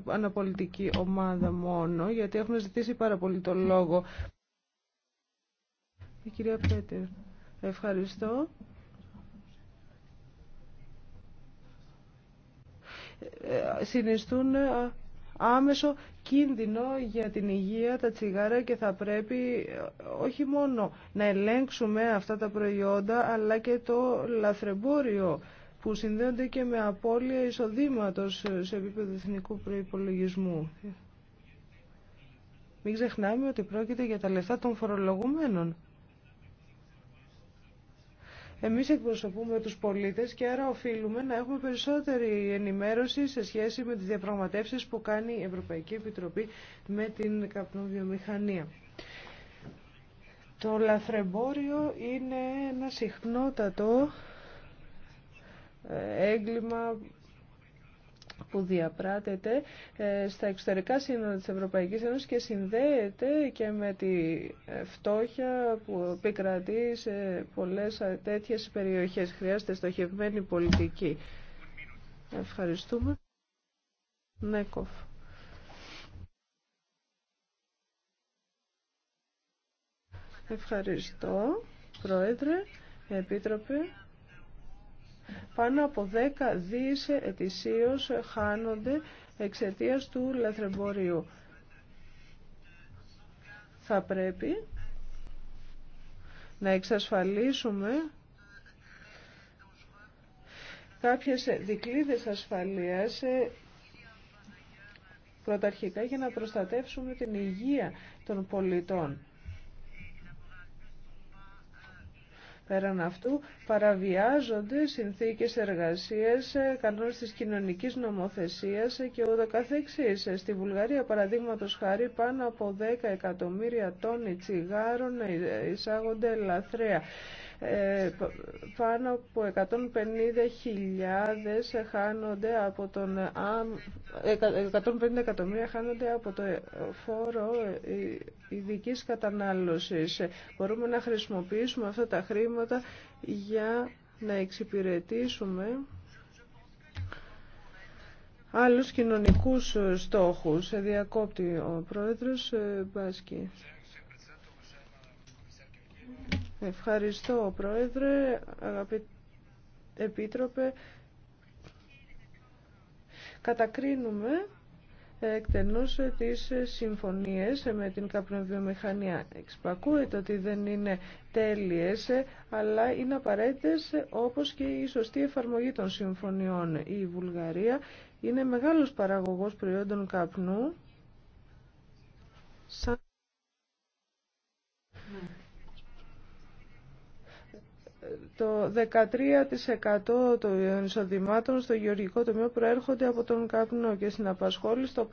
αναπολιτική ομάδα μόνο, γιατί έχουν ζητήσει πάρα πολύ το λόγο. Η κυρία Πέτερ. Ευχαριστώ. Ε, συνιστούν ε, άμεσο κίνδυνο για την υγεία τα τσιγάρα και θα πρέπει ε, όχι μόνο να ελέγξουμε αυτά τα προϊόντα αλλά και το λαθρεμπόριο που συνδέονται και με απώλεια εισοδήματος σε επίπεδο εθνικού προϋπολογισμού. Μην ξεχνάμε ότι πρόκειται για τα λεφτά των φορολογουμένων. Εμείς εκπροσωπούμε τους πολίτες και άρα οφείλουμε να έχουμε περισσότερη ενημέρωση σε σχέση με τις διαπραγματεύσεις που κάνει η Ευρωπαϊκή Επιτροπή με την καπνοβιομηχανία. Το λαθρεμπόριο είναι ένα συχνότατο ε, έγκλημα που διαπράτεται ε, στα εξωτερικά σύνορα της Ευρωπαϊκής Ένωσης και συνδέεται και με τη ε, φτώχεια που επικρατεί σε πολλές ε, τέτοιες περιοχές. Χρειάζεται στοχευμένη πολιτική. Ευχαριστούμε. Νέκοφ. Ευχαριστώ, Πρόεδρε, Επίτροπε. Πάνω από δέκα δις ετησίως χάνονται εξαιτίας του λαθρεμπορίου. Θα πρέπει να εξασφαλίσουμε κάποιες δικλείδες ασφαλείας ε, πρωταρχικά για να προστατεύσουμε την υγεία των πολιτών. Πέραν αυτού παραβιάζονται συνθήκες εργασίας, ε, κανόνες της κοινωνικής νομοθεσίας ε, και ούτω καθεξής. Ε, στη Βουλγαρία παραδείγματο χάρη πάνω από 10 εκατομμύρια τόνοι τσιγάρων εισάγονται λαθρέα. Ε, πάνω από 150.000 χάνονται από τον 150 εκατομμύρια χάνονται από το φόρο ε, ειδική κατανάλωσης. Μπορούμε να χρησιμοποιήσουμε αυτά τα χρήματα για να εξυπηρετήσουμε άλλους κοινωνικούς στόχους. Διακόπτη ο πρόεδρος ε, Μπάσκη. Ευχαριστώ, Πρόεδρε, αγαπητέ Επίτροπε. Κατακρίνουμε εκτενώς τις συμφωνίες με την καπνοβιομηχανία. Εξπακούεται ότι δεν είναι τέλειες, αλλά είναι απαραίτητες όπως και η σωστή εφαρμογή των συμφωνιών. Η Βουλγαρία είναι μεγάλος παραγωγός προϊόντων καπνού. Το 13% των εισοδημάτων στο γεωργικό τομείο προέρχονται από τον καπνό και στην απασχόληση το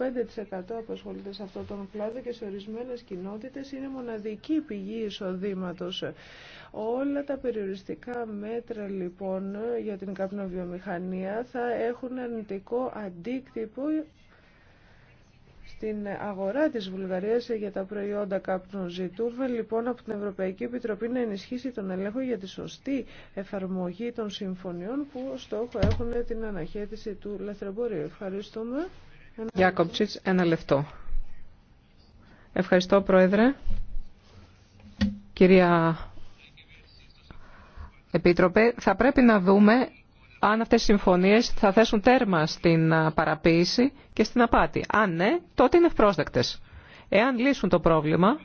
5% απασχολείται σε αυτόν τον κλάδο και σε ορισμένες κοινότητες είναι μοναδική πηγή εισοδήματος. Όλα τα περιοριστικά μέτρα λοιπόν για την καπνοβιομηχανία θα έχουν αρνητικό αντίκτυπο την αγορά της Βουλγαρίας για τα προϊόντα καπνού. Ζητούμε λοιπόν από την Ευρωπαϊκή Επιτροπή να ενισχύσει τον ελέγχο για τη σωστή εφαρμογή των συμφωνιών που στόχο έχουν την αναχέτηση του λαθρεμπορίου. Ευχαριστούμε. Γιάκοψιτς, ένα λεπτό. Ευχαριστώ, Πρόεδρε. Κυρία Επίτροπε, θα πρέπει να δούμε αν αυτές οι συμφωνίες θα θέσουν τέρμα στην παραποίηση και στην απάτη. Αν ναι, τότε είναι ευπρόσδεκτες. Εάν λύσουν το πρόβλημα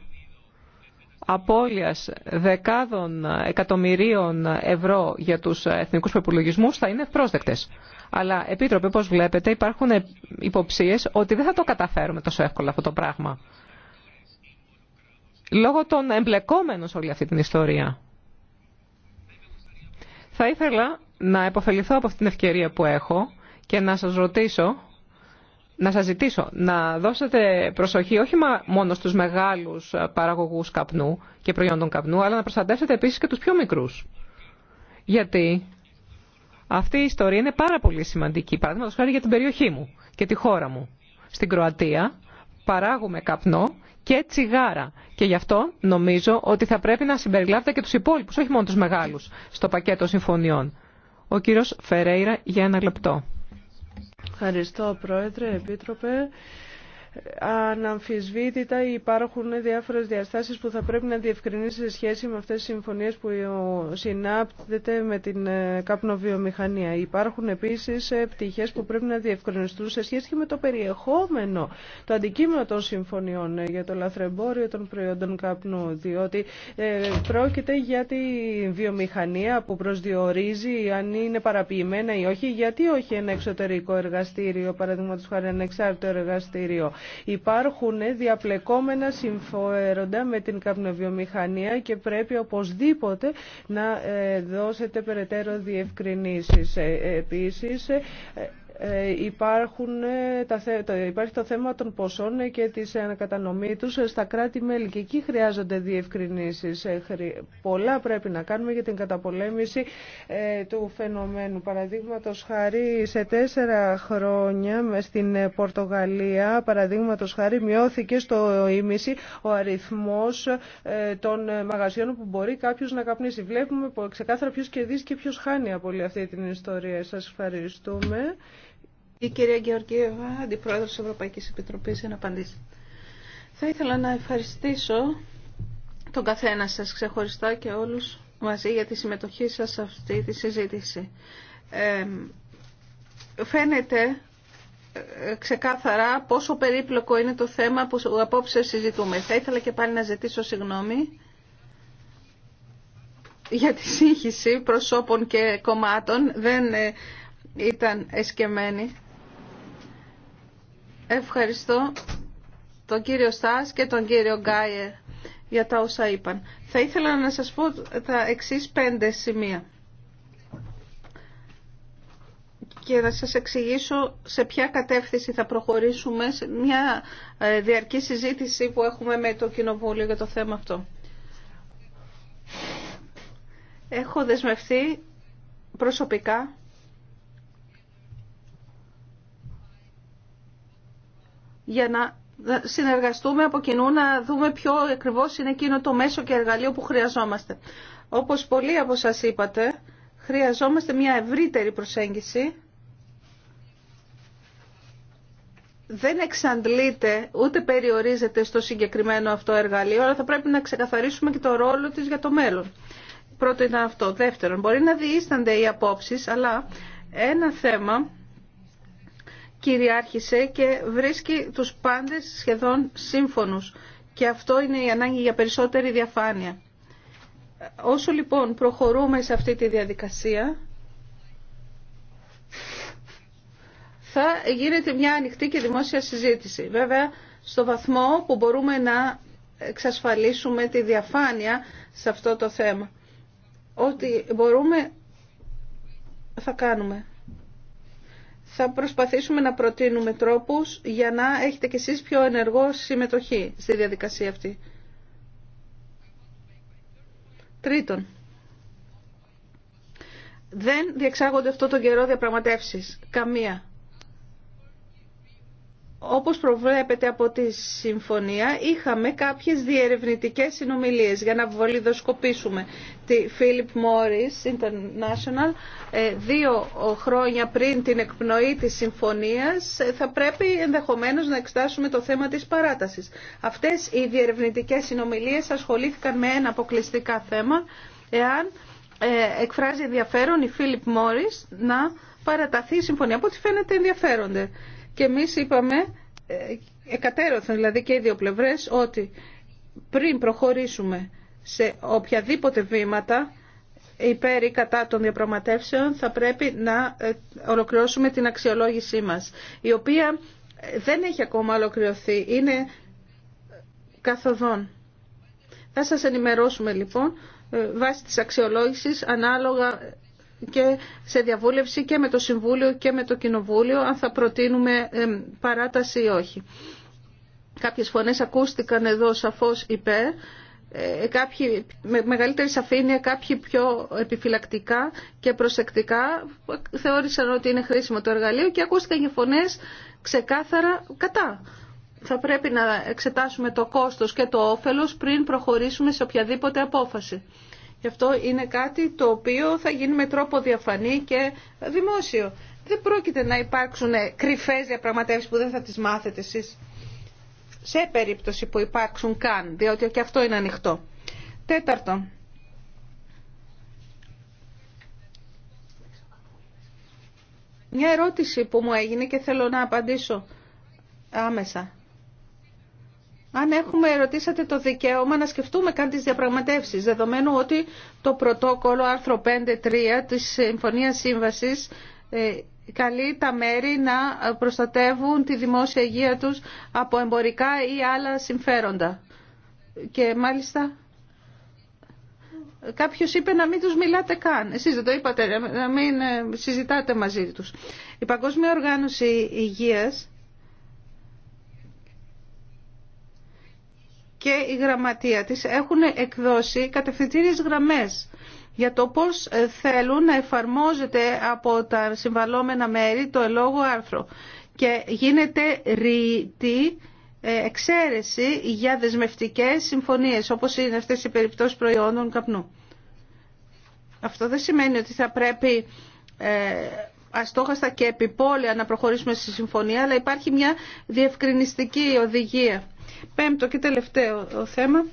απώλειας δεκάδων εκατομμυρίων ευρώ για τους εθνικούς προπολογισμού θα είναι ευπρόσδεκτες. Αλλά, Επίτροπε, όπως βλέπετε, υπάρχουν ε, υποψίες ότι δεν θα το καταφέρουμε τόσο εύκολα αυτό το πράγμα. Λόγω των εμπλεκόμενων σε όλη αυτή την ιστορία. Θα ήθελα να επωφεληθώ από αυτή την ευκαιρία που έχω και να σας ρωτήσω, να σας ζητήσω να δώσετε προσοχή όχι μόνο στους μεγάλους ε, παραγωγούς καπνού και προϊόντων καπνού, αλλά να προστατεύσετε επίσης και τους πιο μικρούς. Γιατί αυτή η ιστορία είναι πάρα πολύ σημαντική, παραδείγματο χάρη για την περιοχή μου και τη χώρα μου. Στην Κροατία παράγουμε καπνό και τσιγάρα. Και γι' αυτό νομίζω ότι θα πρέπει να συμπεριλάβετε και τους υπόλοιπους, όχι μόνο τους μεγάλους, στο πακέτο συμφωνιών. Ο κύριος Φερέιρα για ένα λεπτό. Ευχαριστώ Πρόεδρε, Επίτροπε. Αναμφισβήτητα υπάρχουν διάφορες διαστάσεις που θα πρέπει να διευκρινίσει σε σχέση με αυτές τις συμφωνίες που συνάπτεται με την ε, καπνοβιομηχανία. Υπάρχουν επίσης ε, πτυχές που πρέπει να διευκρινιστούν σε σχέση και με το περιεχόμενο, το αντικείμενο των συμφωνιών ε, για το λαθρεμπόριο των προϊόντων καπνού, διότι πρόκειται για τη βιομηχανία που προσδιορίζει αν είναι παραποιημένα ή όχι, γιατί όχι ένα εξωτερικό εργαστήριο, παραδείγματος χάρη ένα εξάρτητο εργαστήριο. Υπάρχουν διαπλεκόμενα συμφέροντα με την καπνοβιομηχανία και πρέπει οπωσδήποτε να ε, δώσετε περαιτέρω διευκρινήσεις. Ε, επίσης, ε, ε, υπάρχουν, ε, τα, υπάρχει το θέμα των ποσών και της ανακατανομή τους στα κράτη-μέλη και εκεί χρειάζονται διευκρινήσεις. Ε, πολλά πρέπει να κάνουμε για την καταπολέμηση του φαινομένου. Παραδείγματο χάρη σε τέσσερα χρόνια στην Πορτογαλία, παραδείγματο χάρη μειώθηκε στο ίμιση ο αριθμός των μαγαζιών που μπορεί κάποιος να καπνίσει. Βλέπουμε ξεκάθαρα ποιος κερδίζει και ποιος χάνει από όλη αυτή την ιστορία. Σας ευχαριστούμε. Η κυρία Γεωργίευα, αντιπρόεδρο τη Ευρωπαϊκή Επιτροπή για να απαντήσει. Θα ήθελα να ευχαριστήσω τον καθένα σας ξεχωριστά και όλους μαζί για τη συμμετοχή σας σε αυτή τη συζήτηση. φαίνεται ε, ξεκάθαρα πόσο περίπλοκο είναι το θέμα που απόψε συζητούμε. Θα ήθελα και πάλι να ζητήσω συγγνώμη για τη σύγχυση προσώπων και κομμάτων. Δεν ε, ήταν εσκεμμένη. Ευχαριστώ τον κύριο Στάς και τον κύριο Γκάιε για τα όσα είπαν. Θα ήθελα να σας πω τα εξής πέντε σημεία και να σας εξηγήσω σε ποια κατεύθυνση θα προχωρήσουμε σε μια ε, διαρκή συζήτηση που έχουμε με το Κοινοβούλιο για το θέμα αυτό. Έχω δεσμευτεί προσωπικά για να συνεργαστούμε από κοινού να δούμε ποιο ακριβώς είναι εκείνο το μέσο και εργαλείο που χρειαζόμαστε. Όπως πολλοί από σας είπατε, χρειαζόμαστε μια ευρύτερη προσέγγιση. Δεν εξαντλείται ούτε περιορίζεται στο συγκεκριμένο αυτό εργαλείο, αλλά θα πρέπει να ξεκαθαρίσουμε και το ρόλο της για το μέλλον. Πρώτο ήταν αυτό. Δεύτερον, μπορεί να διήστανται οι απόψεις, αλλά ένα θέμα κυριάρχησε και βρίσκει τους πάντες σχεδόν σύμφωνους. Και αυτό είναι η ανάγκη για περισσότερη διαφάνεια. Όσο λοιπόν προχωρούμε σε αυτή τη διαδικασία, θα γίνεται μια ανοιχτή και δημόσια συζήτηση. Βέβαια, στο βαθμό που μπορούμε να εξασφαλίσουμε τη διαφάνεια σε αυτό το θέμα. Ό,τι μπορούμε θα κάνουμε θα προσπαθήσουμε να προτείνουμε τρόπους για να έχετε κι εσείς πιο ενεργό συμμετοχή στη διαδικασία αυτή. Τρίτον, δεν διεξάγονται αυτό τον καιρό διαπραγματεύσεις. Καμία όπως προβλέπεται από τη συμφωνία, είχαμε κάποιες διερευνητικές συνομιλίες για να βολιδοσκοπήσουμε τη Philip Morris International ε, δύο χρόνια πριν την εκπνοή της συμφωνίας ε, θα πρέπει ενδεχομένως να εξτάσουμε το θέμα της παράτασης. Αυτές οι διερευνητικές συνομιλίες ασχολήθηκαν με ένα αποκλειστικά θέμα εάν ε, εκφράζει ενδιαφέρον η Philip Morris να παραταθεί η συμφωνία. Από ό,τι φαίνεται ενδιαφέρονται. Και εμείς είπαμε, ε, εκατέρωθεν δηλαδή και οι δύο πλευρές, ότι πριν προχωρήσουμε σε οποιαδήποτε βήματα υπέρ ή κατά των διαπραγματεύσεων θα πρέπει να ε, ολοκληρώσουμε την αξιολόγησή μας, η οποία ε, δεν έχει ακόμα ολοκληρωθεί, είναι καθοδόν. Θα σας ενημερώσουμε λοιπόν βάσει της αξιολόγησης ανάλογα και σε διαβούλευση και με το Συμβούλιο και με το Κοινοβούλιο αν θα προτείνουμε παράταση ή όχι. Κάποιες φωνές ακούστηκαν εδώ σαφώς υπέρ, ε, κάποιοι με μεγαλύτερη σαφήνεια, κάποιοι πιο επιφυλακτικά και προσεκτικά θεώρησαν ότι είναι χρήσιμο το εργαλείο και ακούστηκαν και φωνές ξεκάθαρα κατά. Θα πρέπει να εξετάσουμε το κόστος και το όφελος πριν προχωρήσουμε σε οποιαδήποτε απόφαση. Γι' αυτό είναι κάτι το οποίο θα γίνει με τρόπο διαφανή και δημόσιο. Δεν πρόκειται να υπάρξουν κρυφές διαπραγματεύσεις που δεν θα τις μάθετε εσείς. Σε περίπτωση που υπάρξουν καν, διότι και αυτό είναι ανοιχτό. Τέταρτον, μια ερώτηση που μου έγινε και θέλω να απαντήσω άμεσα αν έχουμε ερωτήσατε το δικαίωμα να σκεφτούμε καν τις διαπραγματεύσεις, δεδομένου ότι το πρωτόκολλο άρθρο 5.3 της Συμφωνίας Σύμβασης ε, καλεί τα μέρη να προστατεύουν τη δημόσια υγεία τους από εμπορικά ή άλλα συμφέροντα. Και μάλιστα κάποιος είπε να μην τους μιλάτε καν. Εσείς δεν το είπατε, να μην ε, συζητάτε μαζί τους. Η Παγκόσμια Οργάνωση Υγείας και η γραμματεία της έχουν εκδώσει κατευθυντήριες γραμμές για το πώς ε, θέλουν να εφαρμόζεται από τα συμβαλόμενα μέρη το ελόγο άρθρο και γίνεται ρητή ε, εξαίρεση για δεσμευτικές συμφωνίες όπως είναι αυτές οι περιπτώσεις προϊόντων καπνού. Αυτό δεν σημαίνει ότι θα πρέπει ε, αστόχαστα και επιπόλαια να προχωρήσουμε στη συμφωνία αλλά υπάρχει μια διευκρινιστική οδηγία Πέμπτο και τελευταίο θέμα.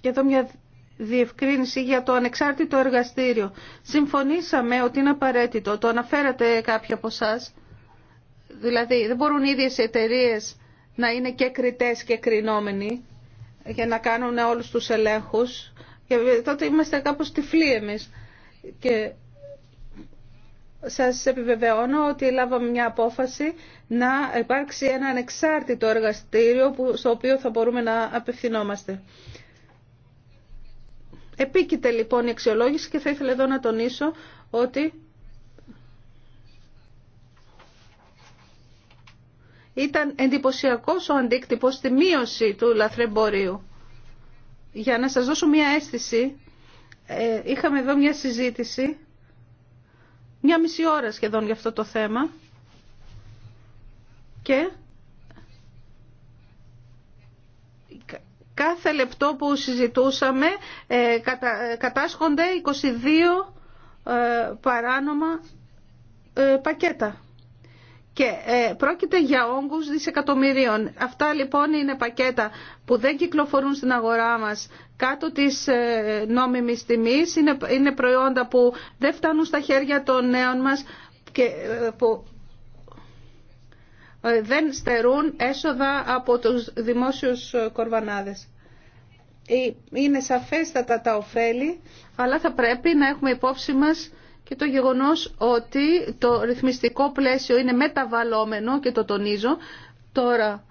Και εδώ μια διευκρίνηση για το ανεξάρτητο εργαστήριο. Συμφωνήσαμε ότι είναι απαραίτητο, το αναφέρατε κάποιοι από εσά. Δηλαδή δεν μπορούν οι ίδιες εταιρείε να είναι και κριτές και κρινόμενοι για να κάνουν όλους τους ελέγχους. Και τότε είμαστε κάπως τυφλοί εμείς. Και σας επιβεβαιώνω ότι λάβαμε μια απόφαση να υπάρξει ένα ανεξάρτητο εργαστήριο που, στο οποίο θα μπορούμε να απευθυνόμαστε. Επίκειται λοιπόν η αξιολόγηση και θα ήθελα εδώ να τονίσω ότι ήταν εντυπωσιακός ο αντίκτυπος στη μείωση του λαθρεμπορίου. Για να σας δώσω μια αίσθηση, ε, είχαμε εδώ μια συζήτηση μια μισή ώρα σχεδόν για αυτό το θέμα. Και κάθε λεπτό που συζητούσαμε ε, κατάσχονται 22 ε, παράνομα ε, πακέτα και ε, πρόκειται για όγκους δισεκατομμυρίων. Αυτά λοιπόν είναι πακέτα που δεν κυκλοφορούν στην αγορά μας κάτω της ε, νόμιμης τιμής. Είναι προϊόντα που δεν φτάνουν στα χέρια των νέων μας και ε, που δεν στερούν έσοδα από τους δημόσιους κορβανάδες. Είναι σαφέστατα τα ωφέλη, αλλά θα πρέπει να έχουμε υπόψη μας και το γεγονός ότι το ρυθμιστικό πλαίσιο είναι μεταβαλλόμενο και το τονίζω. Τώρα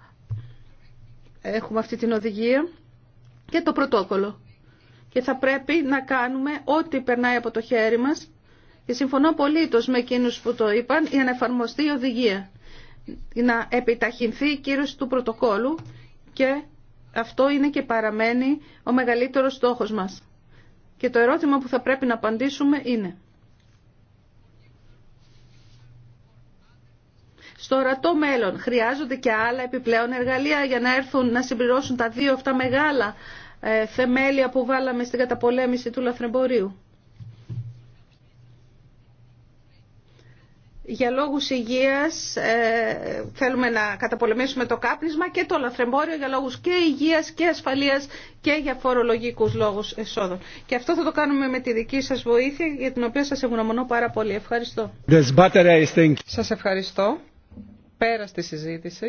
έχουμε αυτή την οδηγία και το πρωτόκολλο. Και θα πρέπει να κάνουμε ό,τι περνάει από το χέρι μας και συμφωνώ πολύ με εκείνους που το είπαν για να εφαρμοστεί η οδηγία. Να επιταχυνθεί η κύρωση του πρωτοκόλλου, και αυτό είναι και παραμένει ο μεγαλύτερος στόχος μας. Και το ερώτημα που θα πρέπει να απαντήσουμε είναι στο ορατό μέλλον. Χρειάζονται και άλλα επιπλέον εργαλεία για να έρθουν να συμπληρώσουν τα δύο αυτά μεγάλα ε, θεμέλια που βάλαμε στην καταπολέμηση του λαθρεμπορίου. για λόγους υγείας ε, θέλουμε να καταπολεμήσουμε το κάπνισμα και το λαθρεμπόριο για λόγους και υγείας και ασφαλείας και για φορολογικούς λόγους εσόδων. Και αυτό θα το κάνουμε με τη δική σας βοήθεια για την οποία σας ευγνωμονώ πάρα πολύ. Ευχαριστώ. Σας ευχαριστώ. Πέρα στη συζήτηση.